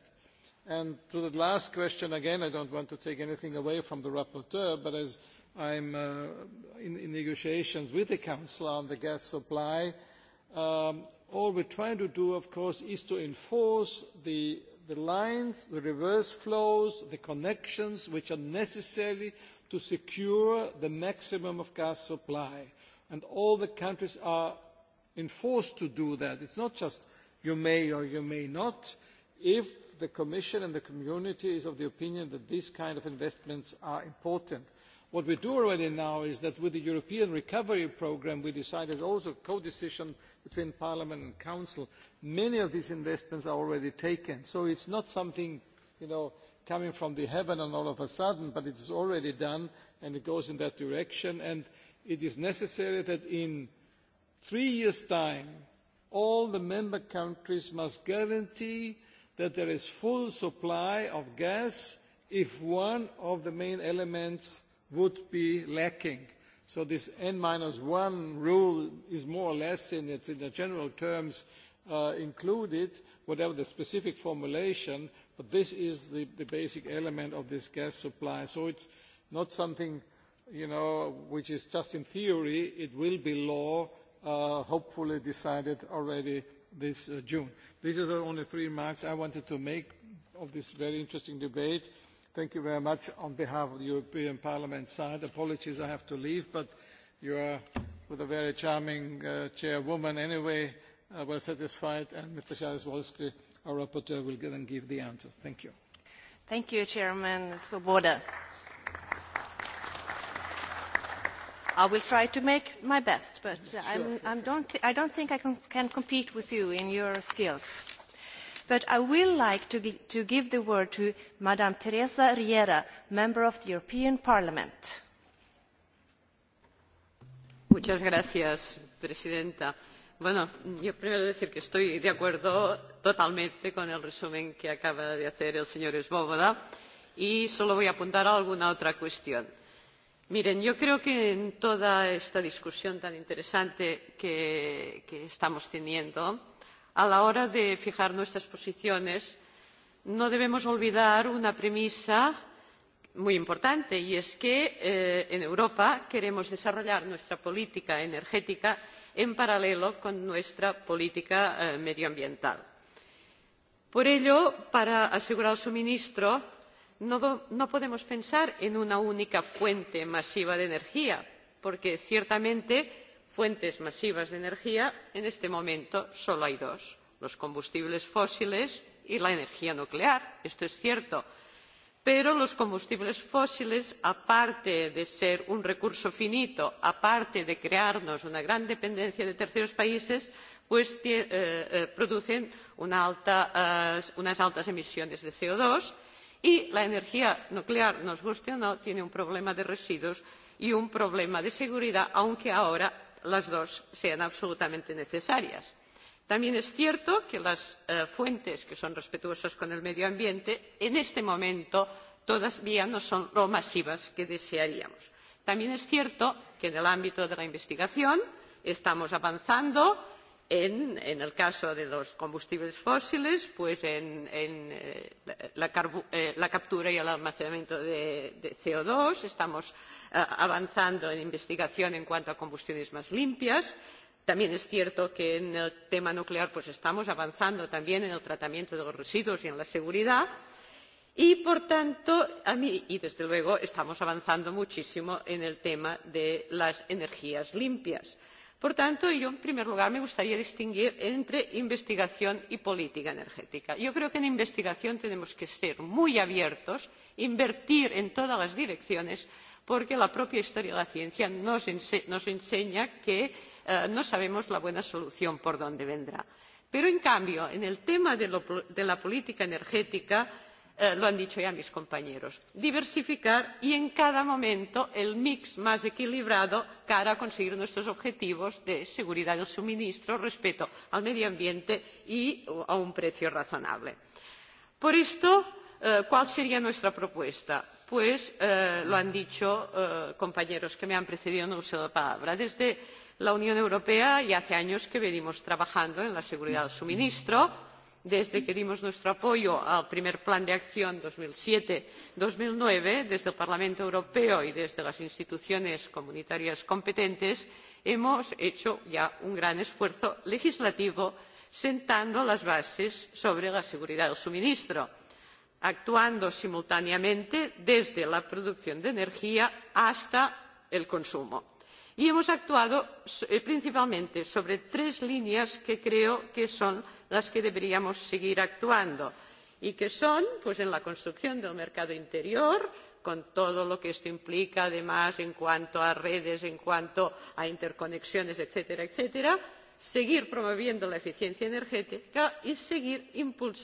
And to the last question, again, I don't want to take anything away from the rapporteur, but as I'm uh, in, in negotiations with the Council on the gas supply, um, all we're trying to do, of course, is to enforce the, the lines, the reverse flows, the connections which are necessary to secure the maximum of gas supply. And all the countries are enforced to do that. It's not just you may or you may not. If the Commission and the community is of the opinion that these kind of investments are important, what we do already now is that with the European Recovery Programme, we decided also co-decision between Parliament and Council. Many of these investments are already taken. So it's not something, you know, coming from the heaven and all of a sudden, but it is already done and it goes in that direction. And it is necessary that in three years' time, all the member countries must guarantee that there is full supply of gas if one of the main elements would be lacking. So this n minus one rule is more or less in its in the general terms uh, included, whatever the specific formulation, But this is the, the basic element of this gas supply. So it's not something, you know, which is just in theory. It will be law, uh, hopefully decided already this uh, June. These are the only three remarks I wanted to make of this very interesting debate. Thank you very much on behalf of the European Parliament side. Apologies I have to leave, but you are with a very charming uh, chairwoman anyway. Uh, well satisfied, and Mr. Charles Wolski our rapporteur will then give the answer. Thank you. Thank you, Chairman Swoboda. I will try to make my best, but sure. I'm, I'm don't th I don't think I can, can compete with you in your skills. But I will like to, to give the word to Madame Teresa Riera, Member of the European Parliament. Muchas gracias, Presidenta. Bueno, yo primero decir que estoy de acuerdo totalmente con el resumen que acaba de hacer el señor Esbóboda y solo voy a apuntar a alguna otra cuestión. Miren, yo creo que en toda esta discusión tan interesante que, que estamos teniendo, a la hora de fijar nuestras posiciones, no debemos olvidar una premisa muy importante y es que eh, en Europa queremos desarrollar nuestra política energética en paralelo con nuestra política eh, medioambiental. Por ello, para asegurar el suministro, no, no podemos pensar en una única fuente masiva de energía, porque ciertamente fuentes masivas de energía en este momento solo hay dos, los combustibles fósiles y la energía nuclear. Esto es cierto, pero los combustibles fósiles, aparte de ser un recurso finito, aparte de crearnos una gran dependencia de terceros países, pues eh, eh, producen una alta, eh, unas altas emisiones de co dos y la energía nuclear, nos guste o no, tiene un problema de residuos y un problema de seguridad, aunque ahora las dos sean absolutamente necesarias También es cierto que las eh, fuentes que son respetuosas con el medio ambiente en este momento todavía no son lo masivas que desearíamos. También es cierto que en el ámbito de la investigación estamos avanzando en, en el caso de los combustibles fósiles, pues en, en eh, la, eh, la captura y el almacenamiento de, de CO2, estamos eh, avanzando en investigación en cuanto a combustiones más limpias, También es cierto que en el tema nuclear pues estamos avanzando también en el tratamiento de los residuos y en la seguridad y por tanto a mí y desde luego estamos avanzando muchísimo en el tema de las energías limpias. Por tanto, yo en primer lugar me gustaría distinguir entre investigación y política energética. Yo creo que en investigación tenemos que ser muy abiertos, invertir en todas las direcciones, porque la propia historia de la ciencia nos, ense nos enseña que Eh, no sabemos la buena solución por dónde vendrá. Pero, en cambio, en el tema de, la política energética, eh, lo han dicho ya mis compañeros, diversificar y en cada momento el mix más equilibrado para conseguir nuestros objetivos de seguridad del suministro, respeto al medio ambiente y a un precio razonable. Por esto, eh, ¿cuál sería nuestra propuesta? Pues lo han dicho compañeros que me han precedido en el uso de la palabra. Desde la Unión Europea y hace años que venimos trabajando en la seguridad del suministro. Desde que dimos nuestro apoyo al primer plan de acción dos mil siete dos mil nueve, desde el Parlamento Europeo y desde las instituciones comunitarias competentes, hemos hecho ya un gran esfuerzo legislativo sentando las bases sobre la seguridad del suministro, actuando simultáneamente desde la producción de energía hasta el consumo y hemos actuado eh, principalmente sobre tres líneas que creo que son las que deberíamos seguir actuando y que son pues en la construcción del mercado interior con todo lo que esto implica además en cuanto a redes en cuanto a interconexiones etcétera etcétera seguir promoviendo la eficiencia energética y seguir,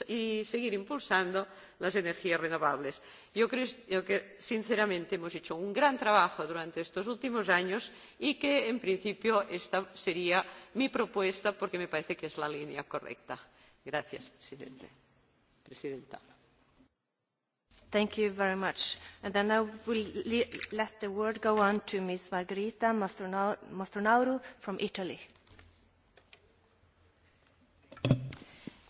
y seguir impulsando las energías renovables. Yo creo, yo que sinceramente hemos hecho un gran trabajo durante estos últimos años y que en principio esta sería mi propuesta porque me parece que es la línea correcta. Gracias, Presidente. Presidenta. Thank you very much. And then I will let the word go on to Ms. Margherita Mastronauru from Italy.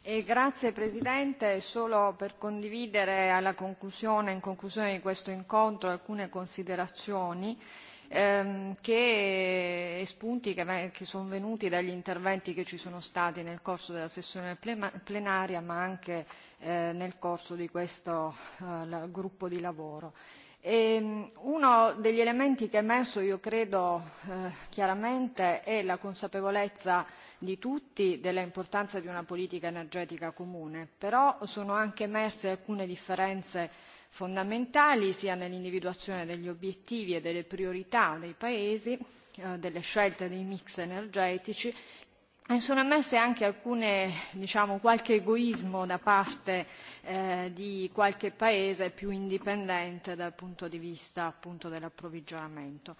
E grazie Presidente, solo per condividere alla conclusione, in conclusione di questo incontro alcune considerazioni ehm, che, e spunti che, che sono venuti dagli interventi che ci sono stati nel corso della sessione plenaria ma anche eh, nel corso di questo eh, la, gruppo di lavoro. E uno degli elementi che è emerso, io credo eh, chiaramente, è la consapevolezza di tutti dell'importanza di una politica energetica comune, però sono anche emerse alcune differenze fondamentali sia nell'individuazione degli obiettivi e delle priorità dei Paesi, eh, delle scelte dei mix energetici, E sono emerse anche alcune, diciamo, qualche egoismo da parte eh, di qualche paese più indipendente dal punto di vista appunto dell'approvvigionamento.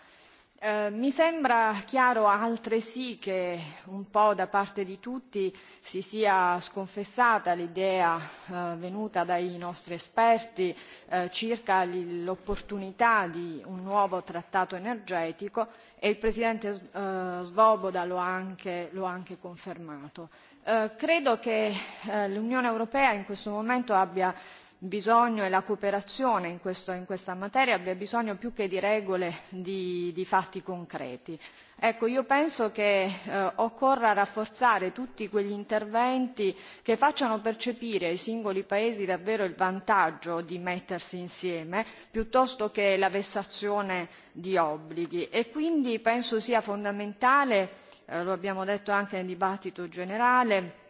Eh, mi sembra chiaro altresì che un po' da parte di tutti si sia sconfessata l'idea eh, venuta dai nostri esperti eh, circa l'opportunità di un nuovo trattato energetico e il Presidente eh, Svoboda lo ha anche, lo ha anche confermato. Eh, credo che eh, l'Unione Europea in questo momento abbia bisogno e la cooperazione in, questo, in questa materia abbia bisogno più che di regole di, di fatti concreti. Ecco, io penso che eh, occorra rafforzare tutti quegli interventi che facciano percepire ai singoli paesi davvero il vantaggio di mettersi insieme piuttosto che la vessazione di obblighi e quindi penso sia fondamentale, eh, lo abbiamo detto anche nel dibattito generale,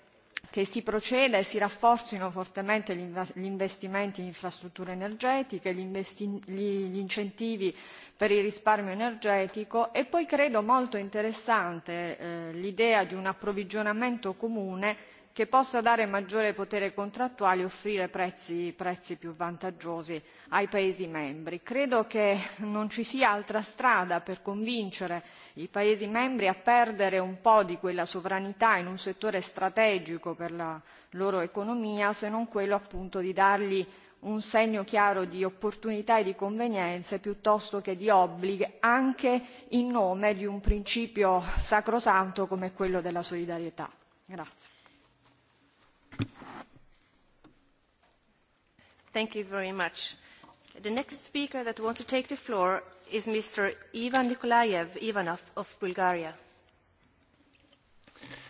che si proceda e si rafforzino fortemente gli investimenti in infrastrutture energetiche, gli, gli, gli incentivi per il risparmio energetico e poi credo molto interessante eh, l'idea di un approvvigionamento comune che possa dare maggiore potere contrattuale e offrire prezzi, prezzi più vantaggiosi ai Paesi membri. Credo che non ci sia altra strada per convincere i Paesi membri a perdere un po' di quella sovranità in un settore strategico per la loro economia se non quello appunto di dargli un segno chiaro di opportunità e di convenienze piuttosto che di obblighi anche in nome di un principio sacrosanto come quello della solidarietà. Grazie. Thank you very much. The next speaker that wants to take the floor is Mr. Ivan Nikolaev Ivanov of Bulgaria.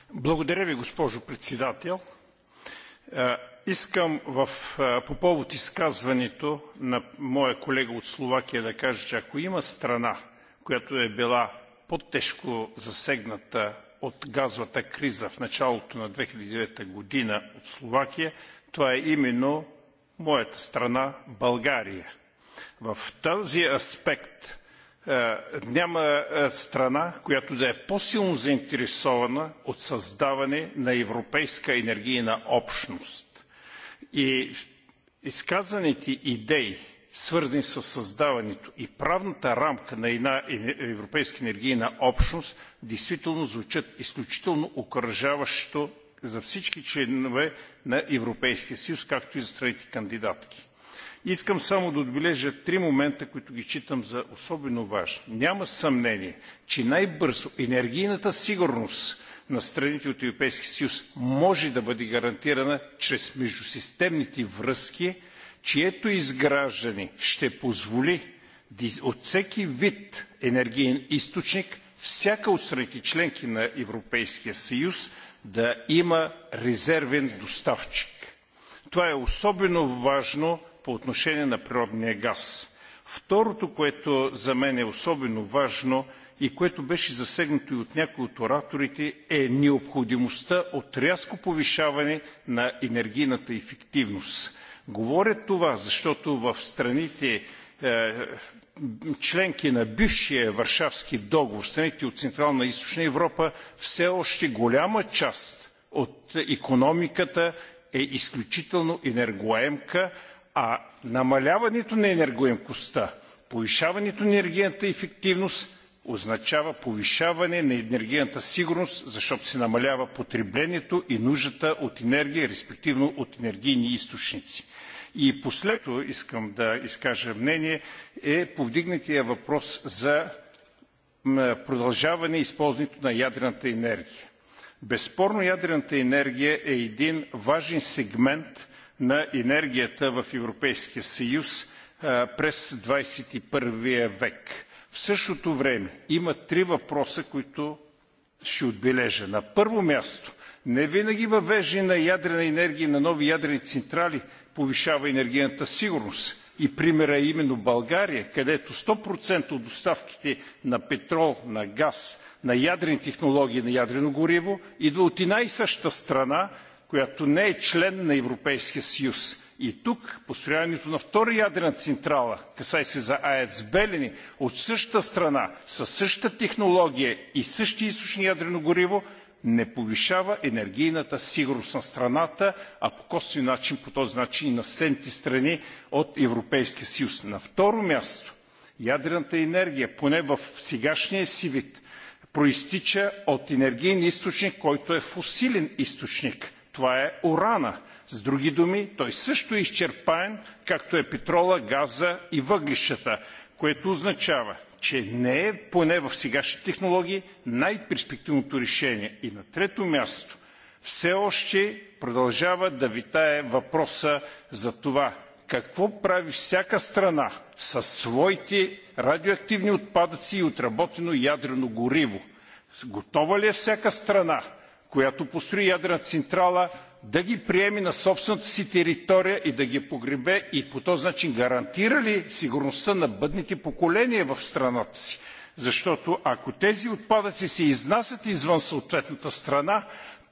Благодаря ви, госпожо председател. Искам в, по повод изказването на моя колега от Словакия да кажа, че ако има страна, която е била по-тежко засегната от газовата криза в началото на 2009 година от Словакия, това е именно моя страна Болгария. В този аспект няма страна, която да е по-силно заинтересована от създаване на европейска енергийна общност. И изказаните идеи, свързани с създаването и правната рамка на една европейска енергийна общност, действително звучат изключително окоръжаващо за всички членове на Европейския съюз, както и за страните кандидатки. Искам само да отбележа три момента, които ги читам за особено важни. Няма съмнение, че най-бързо енергийната сигурност на страните от Европейския съюз може да бъде гарантирана чрез междусистемните връзки, чието изграждане ще позволи от всеки вид енергиен източник всяка от страните членки на Европейския съюз да има резервен доставчик. Това е особено важно по отношение на природния газ. Второто, което за мен е особено важно и което беше засегнато и от някои от ораторите, е необходимостта от рязко повишаване на енергийната ефективност. Говоря това, защото в страните членки на бившия Варшавски договор, страните от Централна и Източна Европа, все още голяма част от економиката е изключително енергоемка, а намаляването на енергоемкостта, повишаването на енергийната ефективност означава повишаване на енергийната сигурност, защото се намалява потреблението и нуждата от енергия, респективно от енергийни източници. И после этого искам да изкажа мнение е повдигнатия въпрос за продължаване използването на ядрената енергия. Безспорно ядрената енергия е един важен сегмент на енергията в Европейския съюз през 21 век. В същото време има три въпроса, които ще отбележа. На първо място, Не винаги въвеждане на ядрена енергия на нови ядрени централи повишава енергийната сигурност. И примера е именно България, където 100% от доставките на петрол, на газ, на ядрени технологии, на ядрено гориво идва от една и съща страна, която не е член на Европейския съюз. И тук построяването на втора ядрена централа, касай се за АЕЦ Белене, от същата страна, със същата технология и същия източник ядрено гориво, не повишава енергийната сигурност на страната, а по косвен начин, по този начин и на съседните страни от Европейския съюз. На второ място, ядрената енергия, поне в сегашния си вид, проистича от енергиен източник, който е фусилен източник. Това е урана. С други думи, той също е изчерпаен, както е петрола, газа и въглищата, което означава, че не е поне в сегашните технологии най-перспективното решение. И на трето място, все още продължава да витае въпроса за това какво прави всяка страна със своите радиоактивни отпадъци и отработено ядрено гориво. Готова ли е всяка страна, която построи ядрена централа, да ги приеме на собствената си територия и да ги погребе и по този начин гарантира ли сигурността на бъдните поколения в страната си? Защото ако тези отпадъци се изнасят извън съответната страна,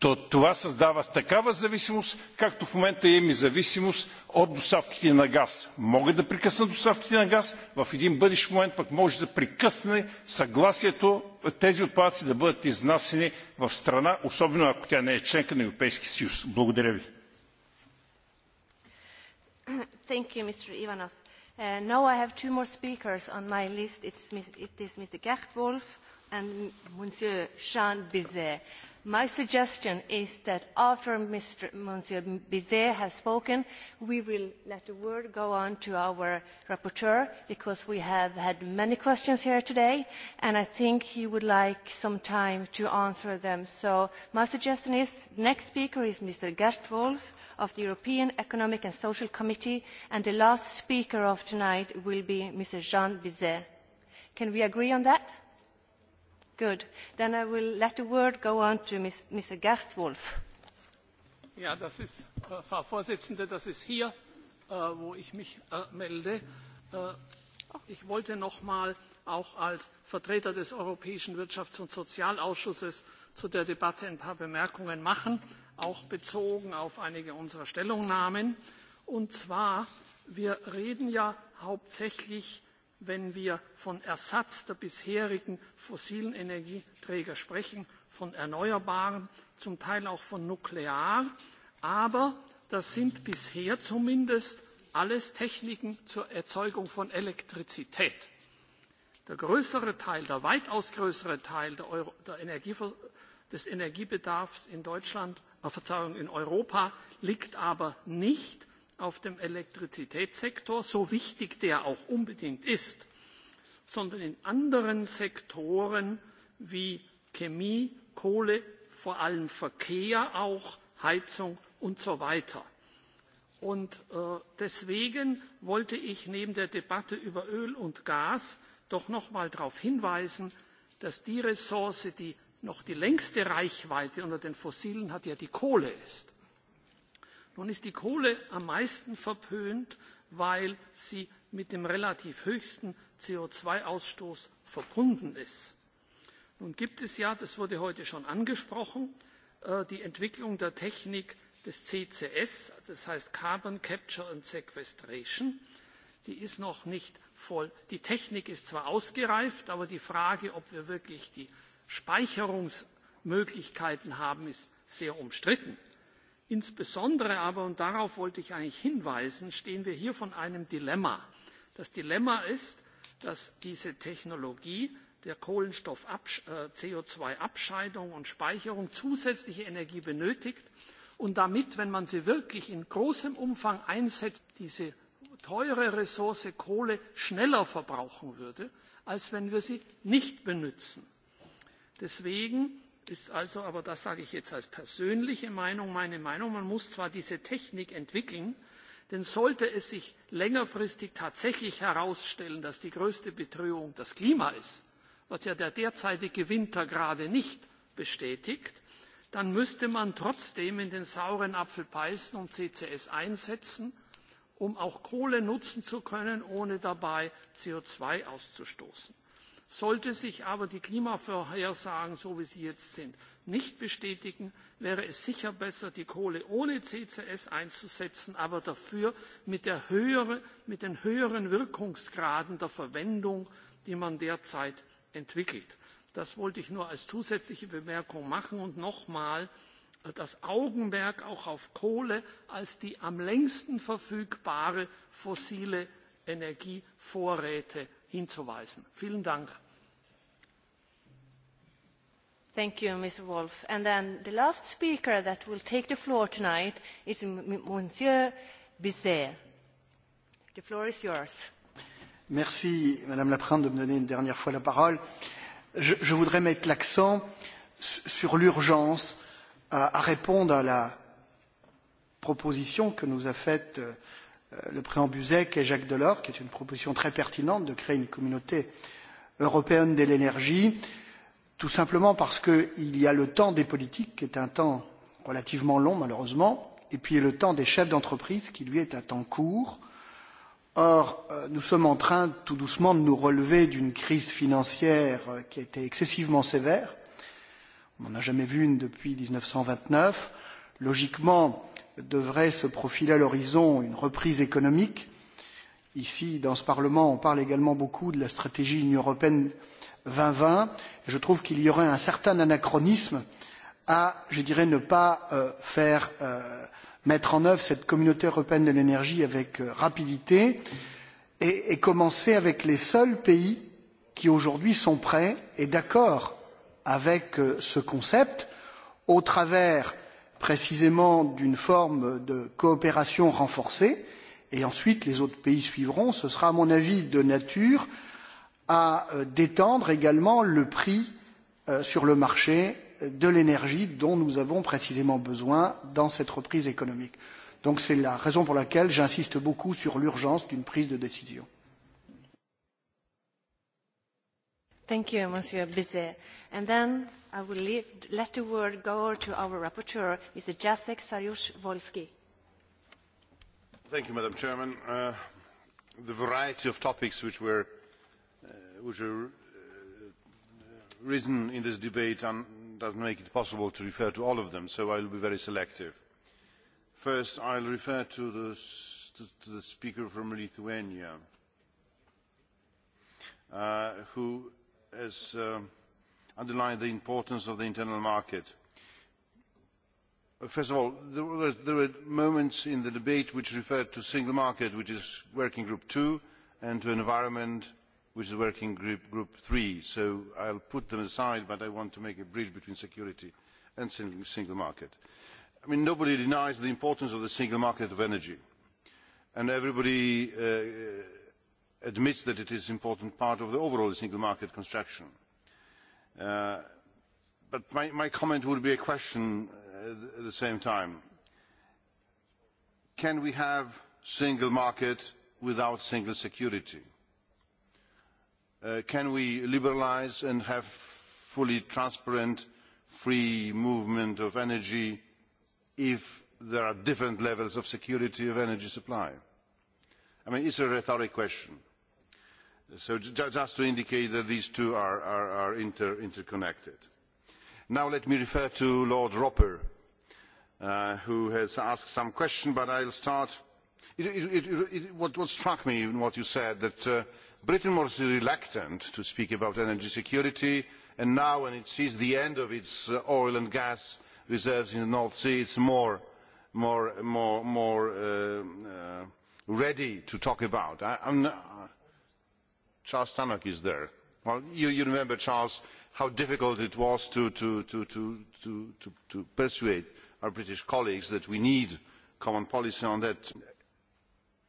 то това създава такава зависимост, както в момента имаме зависимост от доставките на газ. Могат да прекъснат доставките на газ, в един бъдещ момент пък може да прекъсне съгласието тези отпадъци да бъдат изнасени в страна, особено ако тя не е членка на Европейския съюз. Благодаря ви. Thank you, Mr. Ivanov. Uh, now I have two more speakers on my list. It's, it is Mr. Gert Wolf and Monsieur Jean Bizet. My suggestion is that after Mr. Monsieur Bizet has spoken, we will let the word go on to our rapporteur because we have had many questions here today and I think he would like some time to answer them. So my suggestion is next speaker is Mr. Gert Wolf of the European Economic and Social Committee and the last speaker of tonight will be Mr. Jean Bizet. Can we agree on that? Good. Then I will let the word go on to Ms. Mr. Gert Wolf. Ja, das ist, äh, Frau Vorsitzende, das ist hier, äh, wo ich mich äh, melde. Äh, ich wollte noch mal auch als Vertreter des Europäischen Wirtschafts- und Sozialausschusses zu der Debatte ein paar Bemerkungen machen, auch bezogen auf einige unserer Stellungnahmen. Und zwar, wir reden ja hauptsächlich wenn wir von Ersatz der bisherigen fossilen Energieträger sprechen, von Erneuerbaren, zum Teil auch von Nuklear. Aber das sind bisher zumindest alles Techniken zur Erzeugung von Elektrizität. Der größere Teil, der weitaus größere Teil der Euro, der Energie, des Energiebedarfs in Deutschland, äh, Verzeihung, in Europa liegt aber nicht auf dem Elektrizitätssektor, so wichtig der auch unbedingt ist, sondern in anderen Sektoren wie Chemie, Kohle, vor allem Verkehr auch, Heizung und so weiter. Und äh, deswegen wollte ich neben der Debatte über Öl und Gas doch noch mal darauf hinweisen, dass die Ressource, die noch die längste Reichweite unter den Fossilen hat, ja die Kohle ist. Nun ist die Kohle am meisten verpönt, weil sie mit dem relativ höchsten co zwei ausstoß verbunden ist. Nun gibt es ja, das wurde heute schon angesprochen, äh, die Entwicklung der Technik des CCS, das heißt Carbon Capture and Sequestration. Die ist noch nicht voll. Die Technik ist zwar ausgereift, aber die Frage, ob wir wirklich die Speicherungsmöglichkeiten haben, ist sehr umstritten. Insbesondere aber, und darauf wollte ich eigentlich hinweisen, stehen wir hier vor einem Dilemma. Das Dilemma ist, dass diese Technologie der Kohlenstoff äh, co zwei abscheidung und Speicherung zusätzliche Energie benötigt und damit, wenn man sie wirklich in großem Umfang einsetzt, diese teure Ressource Kohle schneller verbrauchen würde, als wenn wir sie nicht benützen. Deswegen ist also, aber das sage ich jetzt als persönliche Meinung, meine Meinung, man muss zwar diese Technik entwickeln, denn sollte es sich längerfristig tatsächlich herausstellen, dass die größte Bedrohung das Klima ist, was ja der derzeitige Winter gerade nicht bestätigt, dann müsste man trotzdem in den sauren Apfel beißen und CCS einsetzen, um auch Kohle nutzen zu können, ohne dabei CO2 auszustoßen. Sollte sich aber die Klimavorhersagen, so wie sie jetzt sind, nicht bestätigen, wäre es sicher besser, die Kohle ohne CCS einzusetzen, aber dafür mit, der höhere, mit den höheren Wirkungsgraden der Verwendung, die man derzeit entwickelt. Das wollte ich nur als zusätzliche Bemerkung machen und nochmal äh, das Augenmerk auch auf Kohle als die am längsten verfügbare fossile Energievorräte hinzuweisen. Vielen Dank. Thank you, Mr. Wolf. And then the last speaker that will take the floor tonight is Monsieur Bizet. The floor is yours. Merci, Madame la Présidente, de me donner une dernière fois la parole. Je, je voudrais mettre l'accent sur l'urgence à, à répondre à la proposition que nous a faite euh, Euh, le président Buzek et Jacques Delors, qui est une proposition très pertinente de créer une communauté européenne de l'énergie, tout simplement parce qu'il y a le temps des politiques, qui est un temps relativement long malheureusement, et puis le temps des chefs d'entreprise, qui lui est un temps court. Or, euh, nous sommes en train tout doucement de nous relever d'une crise financière euh, qui a été excessivement sévère. On n'en a jamais vu une depuis 1929. Logiquement, devrait se profiler à l'horizon une reprise économique. Ici, dans ce Parlement, on parle également beaucoup de la stratégie Union européenne 2020. Je trouve qu'il y aurait un certain anachronisme à, je dirais, ne pas euh, faire euh, mettre en œuvre cette communauté européenne de l'énergie avec euh, rapidité et, et commencer avec les seuls pays qui aujourd'hui sont prêts et d'accord avec euh, ce concept au travers précisément d'une forme de coopération renforcée, et ensuite les autres pays suivront, ce sera à mon avis de nature à euh, détendre également le prix euh, sur le marché euh, de l'énergie dont nous avons précisément besoin dans cette reprise économique. Donc c'est la raison pour laquelle j'insiste beaucoup sur l'urgence d'une prise de décision. Thank you, Monsieur Bizet. And then I will leave, let the word go to our rapporteur, Mr. Jacek Sariusz-Wolski. Thank you, Madam Chairman. Uh, the variety of topics which were, uh, which were uh, risen in this debate and doesn't make it possible to refer to all of them, so I will be very selective. First, I'll refer to the, to, to the speaker from Lithuania, uh, who has uh, um, underlined the importance of the internal market. First of all, there, was, there were moments in the debate which referred to single market, which is working group two, and to environment, which is working group, group three. So I'll put them aside, but I want to make a bridge between security and single, single market. I mean, nobody denies the importance of the single market of energy. And everybody uh, admits that it is an important part of the overall single market construction. Uh, but my, my comment would be a question at uh, the same time. Can we have single market without single security? Uh, can we liberalise and have fully transparent free movement of energy if there are different levels of security of energy supply? I mean, is a rhetoric question. So just to indicate that these two are, are, are inter, interconnected. Now let me refer to Lord Roper, uh, who has asked some question, but I'll start. It, it, it, it, what, what struck me in what you said, that uh, Britain was reluctant to speak about energy security, and now when it sees the end of its uh, oil and gas reserves in the North Sea, it's more, more, more, more uh, uh, ready to talk about. I, I'm, Charles Tannock is there. Well, you, you remember, Charles, how difficult it was to, to, to, to, to, to, to persuade our British colleagues that we need common policy on that.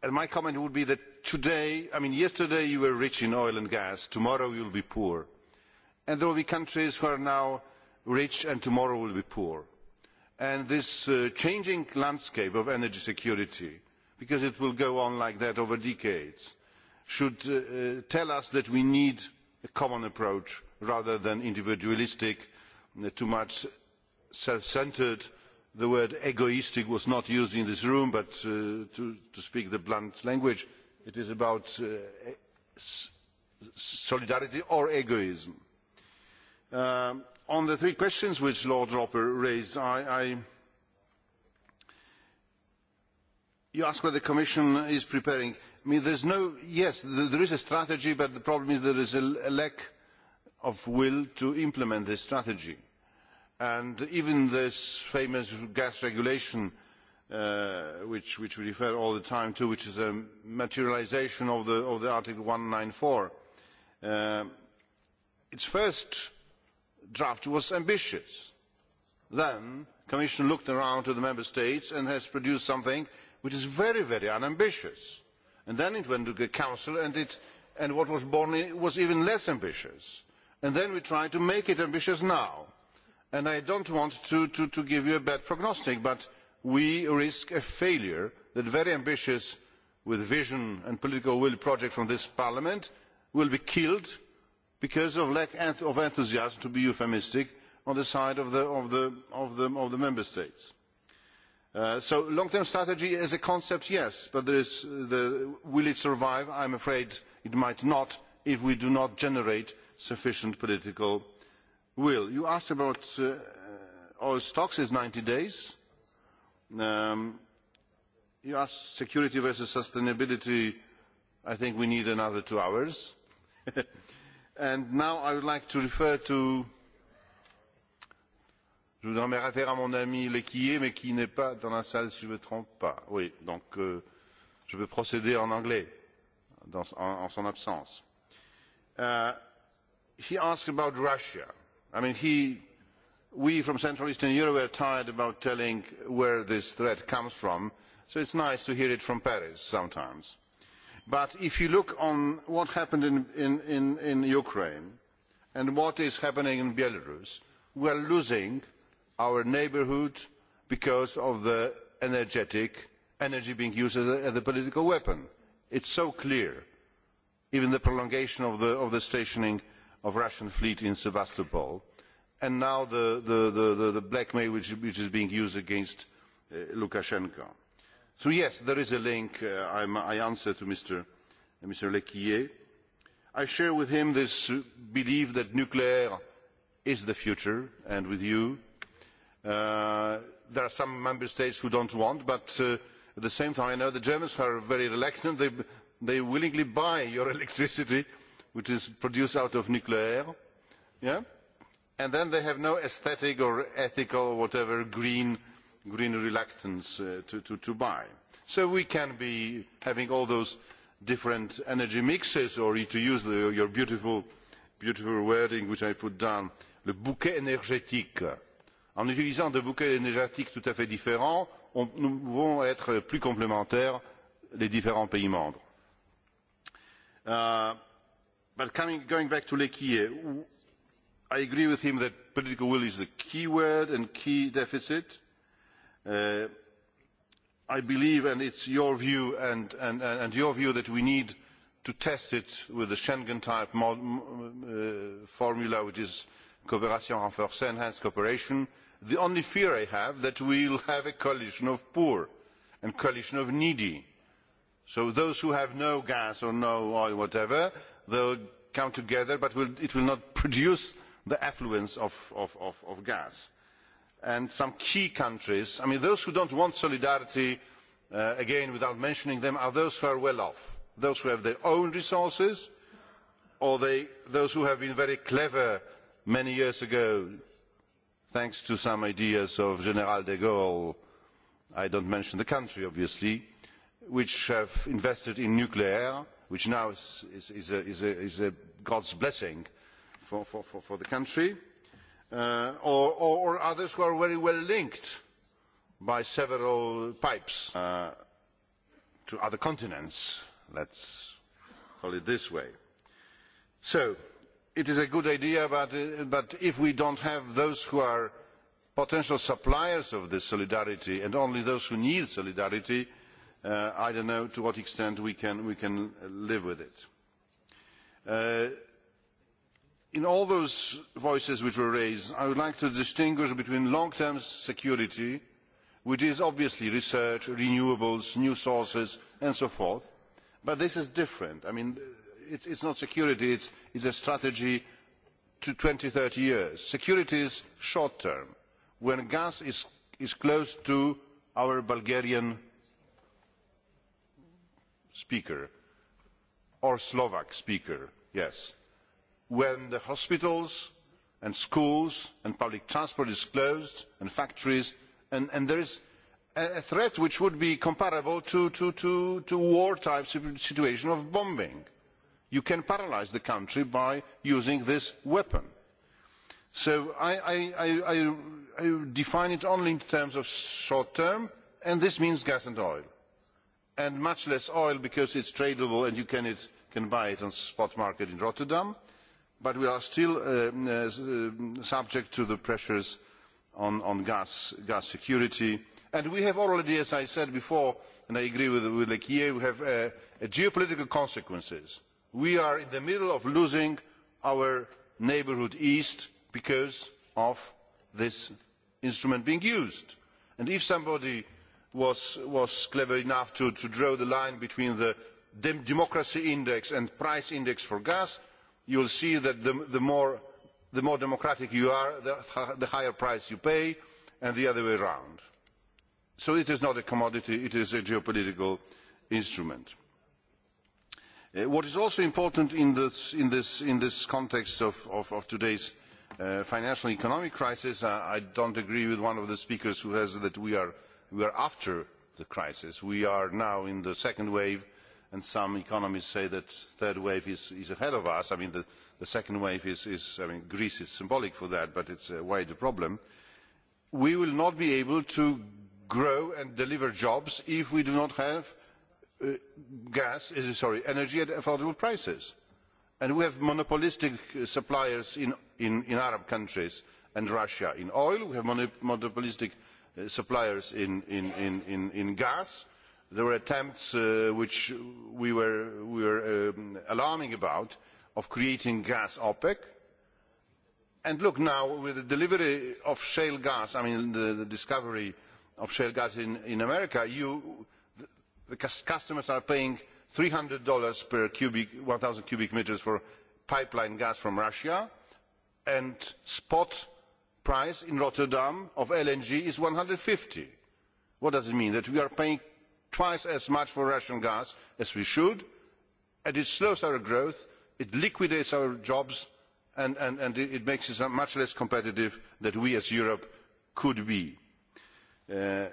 And my comment would be that today, I mean, yesterday you were rich in oil and gas, tomorrow you will be poor. And there will be countries who are now rich and tomorrow will be poor. And this uh, changing landscape of energy security, because it will go on like that over decades, should uh, uh, tell us that we need a common approach rather than individualistic, uh, too much self-centered. The word egoistic was not used in this room, but uh, to, to speak the blunt language, it is about uh, e, solidarity or egoism. Um, on the three questions which Lord Roper raised, I, I you asked what the Commission is preparing no, yes, there is a strategy, but the problem is there is a, lack of will to implement this strategy. And even this famous gas regulation, uh, which, which we refer all the time to, which is a materialization of the, of the Article 194, uh, its first draft was ambitious. Then the Commission looked around to the Member States and has produced something which is very, very unambitious and then it went to the council and, it, and what was born was even less ambitious and then we tried to make it ambitious now and i do not want to, to, to give you a bad prognostic but we risk a failure that very ambitious with vision and political will project from this parliament will be killed because of lack of enthusiasm to be euphemistic on the side of the, of the, of the, of the member states Uh, so long term strategy as a concept, yes, but uh, the, will it survive? I am afraid it might not if we do not generate sufficient political will. You asked about uh, oil stocks is ninety days. Um, you asked security versus sustainability. I think we need another two hours. and now I would like to refer to Je voudrais me référer à mon ami Lequier, mais qui n'est pas dans la salle, si je ne me trompe pas. Oui, donc euh, je vais procéder en anglais dans, en, en son absence. Uh, he asked about Russia. I mean, he, we from Central Eastern Europe are tired about telling where this threat comes from, so it's nice to hear it from Paris sometimes. But if you look on what happened in, in, in, in Ukraine and what is happening in Belarus, we are losing – our neighbourhood because of the energetic energy being used as a, political weapon. It is so clear. Even the prolongation of the, of the stationing of the Russian fleet in Sevastopol, and now the, the, the blackmail which, is being used against uh, Lukashenko. So yes, there is a link. Uh, I answer to Mr. le Mr. I share with him this uh, belief that nuclear is the future, and with you Uh, there are some member states who do not want, but uh, at the same time, I know the Germans are very reluctant. They, they willingly buy your electricity, which is produced out of nuclear. Yeah? And then they have no aesthetic or ethical or whatever green, green reluctance uh, to, to, to buy. So we can be having all those different energy mixes, or to use the, your beautiful, beautiful wording, which I put down, le bouquet énergétique en utilisant des bouquets énergétiques tout à fait différents on, nous pouvons être plus complémentaires les différents pays membres. Uh, but coming, going back to Lekie, I agree with him that political will is the key word and key deficit. Uh, I believe, and it's your view and, and, and your view, that we need to test it with the Schengen-type uh, formula, which is cooperation renforcée, enhanced cooperation, uh, The only fear I have is that we will have a coalition of poor and coalition of needy. So those who have no gas or no oil, whatever, they will come together, but will, it will not produce the affluence of, of, of, of gas. And some key countries, I mean, those who do not want solidarity, uh, again, without mentioning them, are those who are well off, those who have their own resources, or they, those who have been very clever many years ago thanks to some ideas of General de Gaulle, I don't mention the country obviously, which have invested in nuclear, which now is, is, is, a, is, a, is a God's blessing for, for, for, for the country, uh, or, or, or others who are very well linked by several pipes uh, to other continents, let's call it this way. So, it is a good idea, but, but if we do not have those who are potential suppliers of this solidarity and only those who need solidarity, uh, I do not know to what extent we can, we can live with it. Uh, in all those voices which were raised, I would like to distinguish between long-term security, which is obviously research, renewables, new sources, and so forth, but this is different. I mean, It's is not security, it is a strategy to 20, 30 years. Security is short term. When gas is, is close to our Bulgarian speaker or Slovak speaker, yes. When the hospitals and schools and public transport is closed and factories and, and there is a threat which would be comparable to, to, to, to war type situation of bombing You can paralyse the country by using this weapon. So I, I, I, I define it only in terms of short term, and this means gas and oil. And much less oil because it's tradable and you can, it, can buy it on the spot market in Rotterdam. But we are still uh, mm, uh, uh, subject to the pressures on, on gas, gas security. And we have already, as I said before, and I agree with, with Lequier, we have uh, geopolitical consequences we are in the middle of losing our neighbourhood east because of this instrument being used. And if somebody was, was clever enough to, to, draw the line between the democracy index and price index for gas, you will see that the, the, more, the, more, democratic you are, the, the higher price you pay, and the other way round. So it is not a commodity, it is a geopolitical instrument. Uh, what is also important in this, in this, in this context of, of, of today's uh, financial and economic crisis, uh, I don't agree with one of the speakers who has that we are, we are after the crisis. We are now in the second wave, and some economists say that the third wave is, is ahead of us. I mean, the, the second wave is, is, I mean, Greece is symbolic for that, but it's a wider problem. We will not be able to grow and deliver jobs if we do not have Uh, gas, uh, sorry, energy at affordable prices. And we have monopolistic uh, suppliers in, in, in Arab countries and Russia in oil. We have monopolistic suppliers in, in, in, in gas. There were attempts uh, which we were, we were um, alarming about of creating gas OPEC. And look now, with the delivery of shale gas, I mean the, the discovery of shale gas in, in America, you, the customers are paying three hundred dollars per cubic, thousand cubic meters for pipeline gas from Russia, and spot price in Rotterdam of LNG is one hundred fifty. What does it mean? That we are paying twice as much for Russian gas as we should, and it slows our growth, it liquidates our jobs, and, and, and it makes us much less competitive than we as Europe could be. Uh,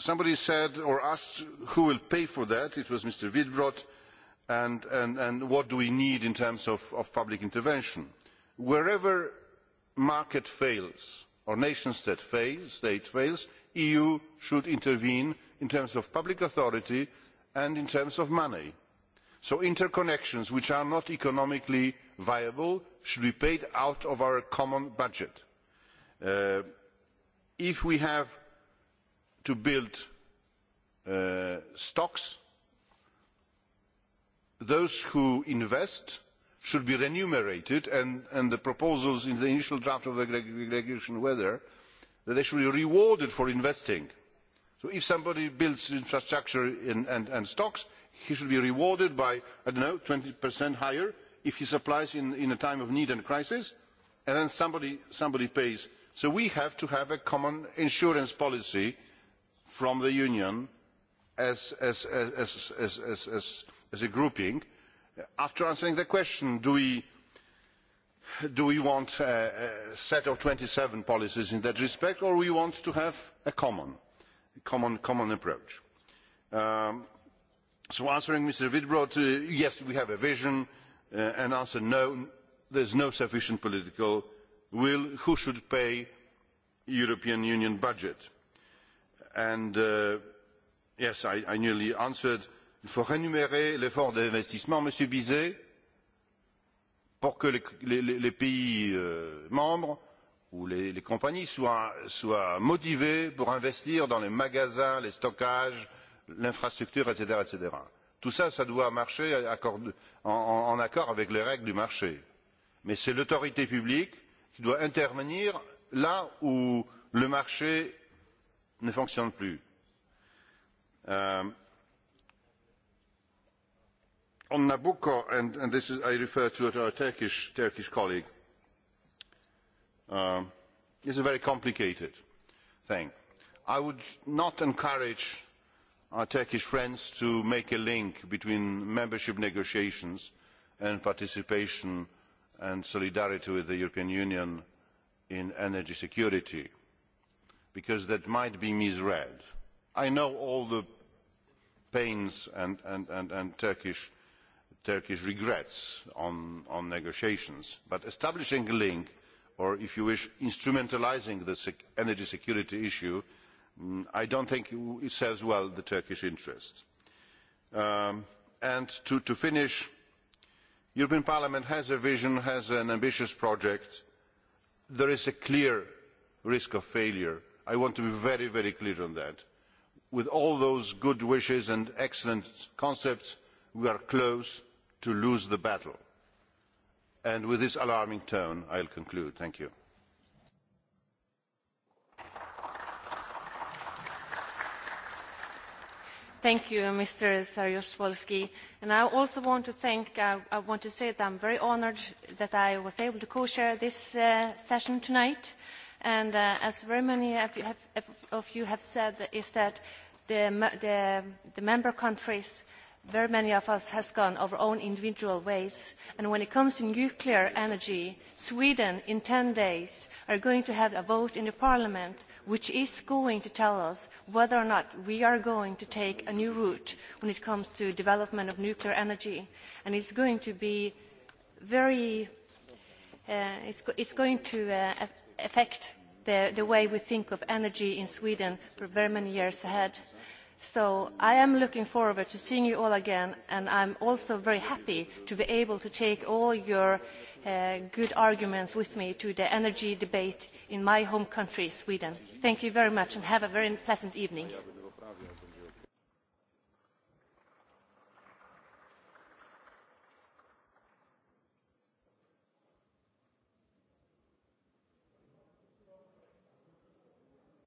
somebody said or asked who will pay for that. It was Mr. Widbrot. And, and, and what do we need in terms of, of public intervention? Wherever market fails or nation state fails, state fails, EU should intervene in terms of public authority and in terms of money. So interconnections which are not economically viable should be paid out of our common budget. Uh, if we have to build uh, stocks. Those who invest should be remunerated, and, and the proposals in the initial draft of the regulation were there that they should be rewarded for investing. So if somebody builds infrastructure in, and, and stocks, he should be rewarded by, I don't know, 20% higher if he supplies in, in a time of need and crisis, and then somebody, somebody pays. So we have to have a common insurance policy uh, from the Union as, as, as, as, as, as, as a grouping after answering the question, do we, do we want a, a set of twenty seven policies in that respect, or do we want to have a common, common, common approach? Um, so answering Mr. Wittbrod, uh, yes, we have a vision, uh, and answer no, there is no sufficient political will. Who should pay European Union budget? And uh, yes, I, I nearly answered. Il faut rémunérer l'effort d'investissement, Monsieur Bizet, pour que les, les, les pays euh, membres ou les, les compagnies soient, soient motivées pour investir dans les magasins, les stockages, l'infrastructure, etc., etc. Tout ça, ça doit marcher accord, en, en accord avec les règles du marché. Mais c'est l'autorité publique qui doit intervenir là où le marché ne fonctionne plus. Um, on Nabucco, and, and this is, I refer to our Turkish, Turkish colleague, uh, is a very complicated thing. I would not encourage our Turkish friends to make a link between membership negotiations and participation and solidarity with the European Union in energy security because that might be misread. I know all the pains and, and, and, and Turkish, Turkish regrets on, on negotiations, but establishing a link, or if you wish, instrumentalising the sec energy security issue, mm, I don't think it serves well the Turkish interest. Um, and to, to finish, the European Parliament has a vision, has an ambitious project. There is a clear risk of failure I want to be very, very clear on that. With all those good wishes and excellent concepts, we are close to losing the battle. And with this alarming tone, I will conclude. Thank you. Thank you, Mr. saryusz And I also want to thank, uh, I want to say that am very honoured that I was able to co-chair this uh, session tonight. And uh, as very many of you have, of you have said, is that the, the, the member countries, very many of us has gone our own individual ways. And when it comes to nuclear energy, Sweden in 10 days are going to have a vote in the parliament which is going to tell us whether or not we are going to take a new route when it comes to development of nuclear energy. And it's going to be very, uh, it's, go it's going to uh, affect the, the way we think of energy in Sweden for very many years ahead. So I am looking forward to seeing you all again, and I'm also very happy to be able to take all your uh, good arguments with me to the energy debate in my home country, Sweden. Thank you very much, and have a very pleasant evening.